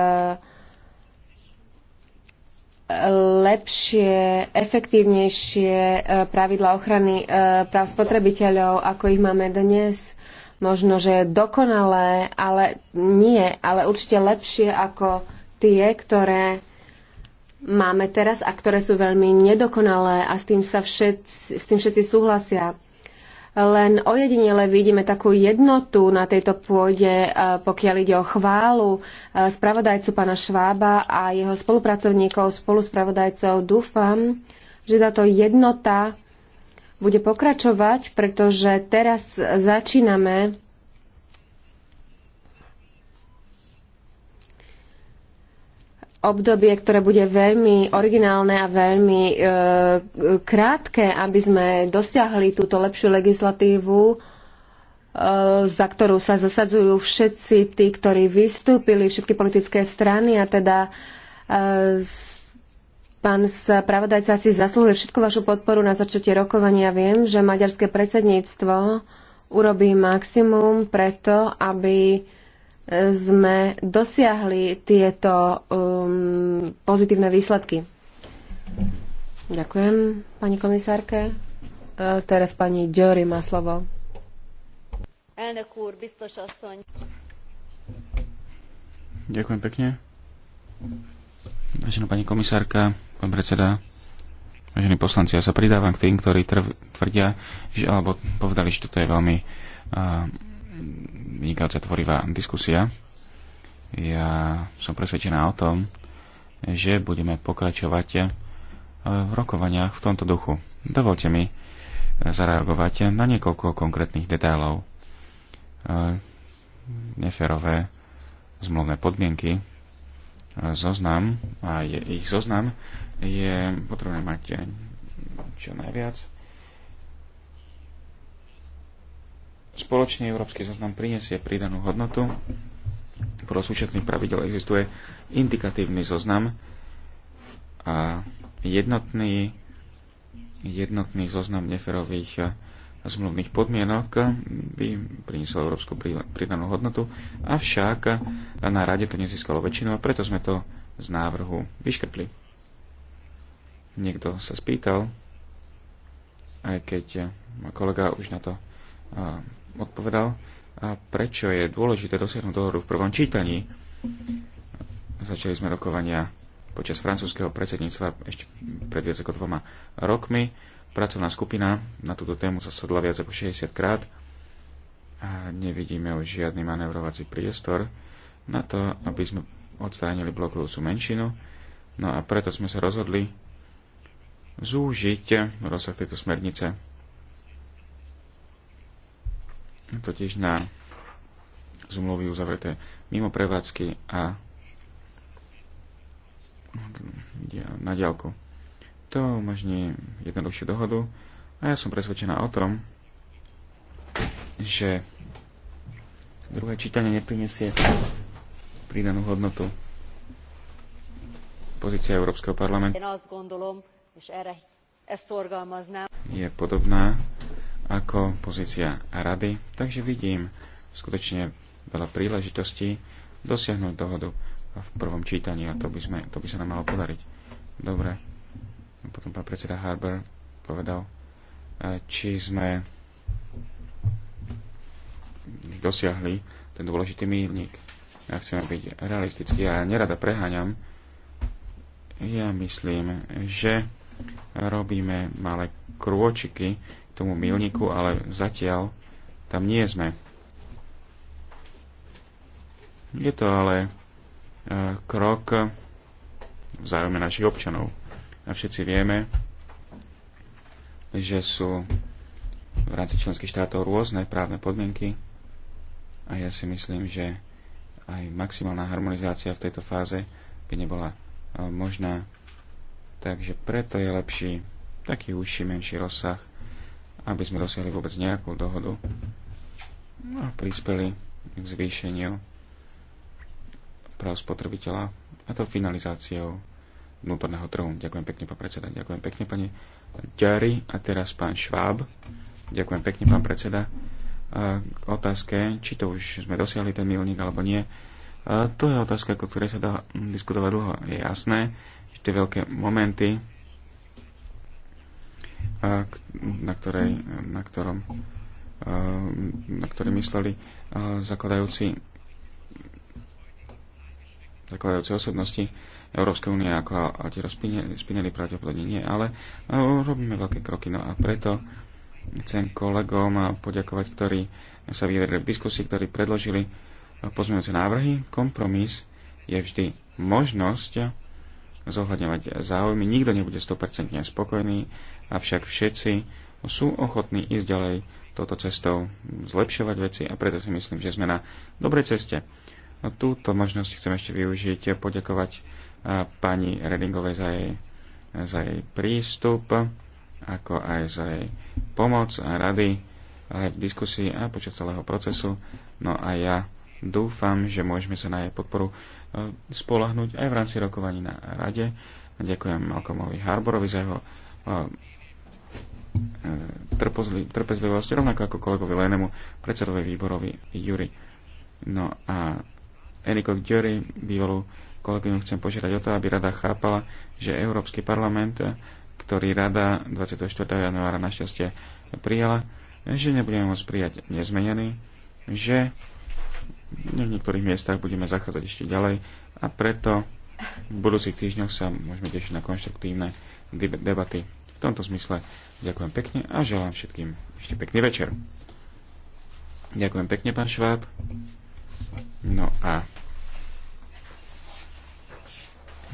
[SPEAKER 3] lepšie, efektívnejšie e, pravidla ochrany e, práv spotrebiteľov, ako ich máme dnes. Možno, že dokonalé, ale nie, ale určite lepšie ako tie, ktoré máme teraz a ktoré sú veľmi nedokonalé a s tým, sa všetci, s tým všetci súhlasia. Len ojedinele vidíme takú jednotu na tejto pôde, e, pokiaľ ide o chválu e, spravodajcu pána Švába a jeho spolupracovníkov, spoluspravodajcov. Dúfam, že táto jednota bude pokračovať, pretože teraz začíname obdobie, ktoré bude veľmi originálne a veľmi e, krátke, aby sme dosiahli túto lepšiu legislatívu, e, za ktorú sa zasadzujú všetci tí, ktorí vystúpili, všetky politické strany a teda e, Pán spravodajca si zaslúhuje všetku vašu podporu na začiatie rokovania. Viem, že maďarské predsedníctvo urobí maximum preto, aby sme dosiahli tieto um, pozitívne výsledky. Ďakujem pani komisárke. Uh, teraz pani Jory má slovo.
[SPEAKER 1] Ďakujem pekne. Vážená pani komisárka, pán predseda, vážení poslanci, ja sa pridávam k tým, ktorí tvrdia, že, alebo povedali, že toto je veľmi uh, vynikajúca tvorivá diskusia. Ja som presvedčená o tom, že budeme pokračovať v rokovaniach v tomto duchu. Dovolte mi zareagovať na niekoľko konkrétnych detailov. Neferové zmluvné podmienky, zoznam a je, ich zoznam je potrebné mať čo najviac Spoločný európsky zoznam prinesie pridanú hodnotu. Podľa súčasných pravidel existuje indikatívny zoznam a jednotný, jednotný zoznam neferových eh, zmluvných podmienok by priniesol európsku pridanú hodnotu, avšak eh, na rade to nezískalo väčšinu a preto sme to z návrhu vyškrtli. Niekto sa spýtal, aj keď eh, môj kolega už na to odpovedal, a prečo je dôležité dosiahnuť dohodu v prvom čítaní. Začali sme rokovania počas francúzského predsedníctva ešte pred viac ako dvoma rokmi. Pracovná skupina na túto tému sa sadla viac ako 60 krát a nevidíme už žiadny manevrovací priestor na to, aby sme odstránili blokujúcu menšinu. No a preto sme sa rozhodli zúžiť rozsah tejto smernice totiž na zmluvy uzavreté mimo prevádzky a na diálku. To umožní jednoduchšiu dohodu a ja som presvedčená o tom, že druhé čítanie neprinesie pridanú hodnotu pozícia Európskeho parlamentu je podobná ako pozícia rady, takže vidím skutočne veľa príležitostí dosiahnuť dohodu v prvom čítaní a to by, sme, to by sa nám malo podariť. Dobre. Potom pán predseda Harber povedal, eh, či sme dosiahli ten dôležitý mílnik. Ja chcem byť realistický a ja nerada preháňam. Ja myslím, že robíme malé krôčiky tomu milníku, ale zatiaľ tam nie sme. Je to ale e, krok v záujme našich občanov. A všetci vieme, že sú v rámci členských štátov rôzne právne podmienky a ja si myslím, že aj maximálna harmonizácia v tejto fáze by nebola e, možná. Takže preto je lepší taký užší, menší rozsah aby sme dosiahli vôbec nejakú dohodu a prispeli k zvýšeniu práv spotrebiteľa a to finalizáciou vnútorného trhu. Ďakujem pekne, pán predseda. Ďakujem pekne, pani Ďari. A teraz pán Šváb. Ďakujem pekne, pán predseda. K otázke, či to už sme dosiahli ten milník alebo nie, to je otázka, o ktorej sa dá diskutovať dlho. Je jasné, že tie veľké momenty na, ktorej, na, ktorom, na ktorý mysleli zakladajúci zakladajúci osobnosti Európskej únie ako Altiero Spinelli pravdepodobne nie, ale robíme veľké kroky. No a preto chcem kolegom poďakovať, ktorí sa vyjadrili v diskusii, ktorí predložili pozmeňujúce návrhy. Kompromis je vždy možnosť zohľadňovať záujmy. Nikto nebude 100% spokojný avšak všetci sú ochotní ísť ďalej touto cestou, zlepšovať veci a preto si myslím, že sme na dobrej ceste. No, túto možnosť chcem ešte využiť a poďakovať pani Redingovej za jej, za jej prístup, ako aj za jej pomoc a rady aj v diskusii a počas celého procesu. No a ja dúfam, že môžeme sa na jej podporu spolahnuť aj v rámci rokovaní na rade. Ďakujem Malcolmovi Harborovi za jeho E, trpezlivosť, rovnako ako kolegovi Lenemu, predsedovi výborovi Juri. No a Eriko Gjuri, bývalú kolegyňu, chcem požiadať o to, aby rada chápala, že Európsky parlament, ktorý rada 24. januára našťastie prijala, že nebudeme môcť prijať nezmenený, že v niektorých miestach budeme zachádzať ešte ďalej a preto v budúcich týždňoch sa môžeme tešiť na konštruktívne debaty. V tomto zmysle ďakujem pekne a želám všetkým ešte pekný večer. Ďakujem pekne, pán Šváb. No a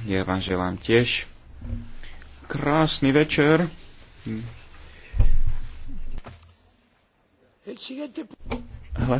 [SPEAKER 1] ja vám želám tiež krásny večer.
[SPEAKER 3] Hm.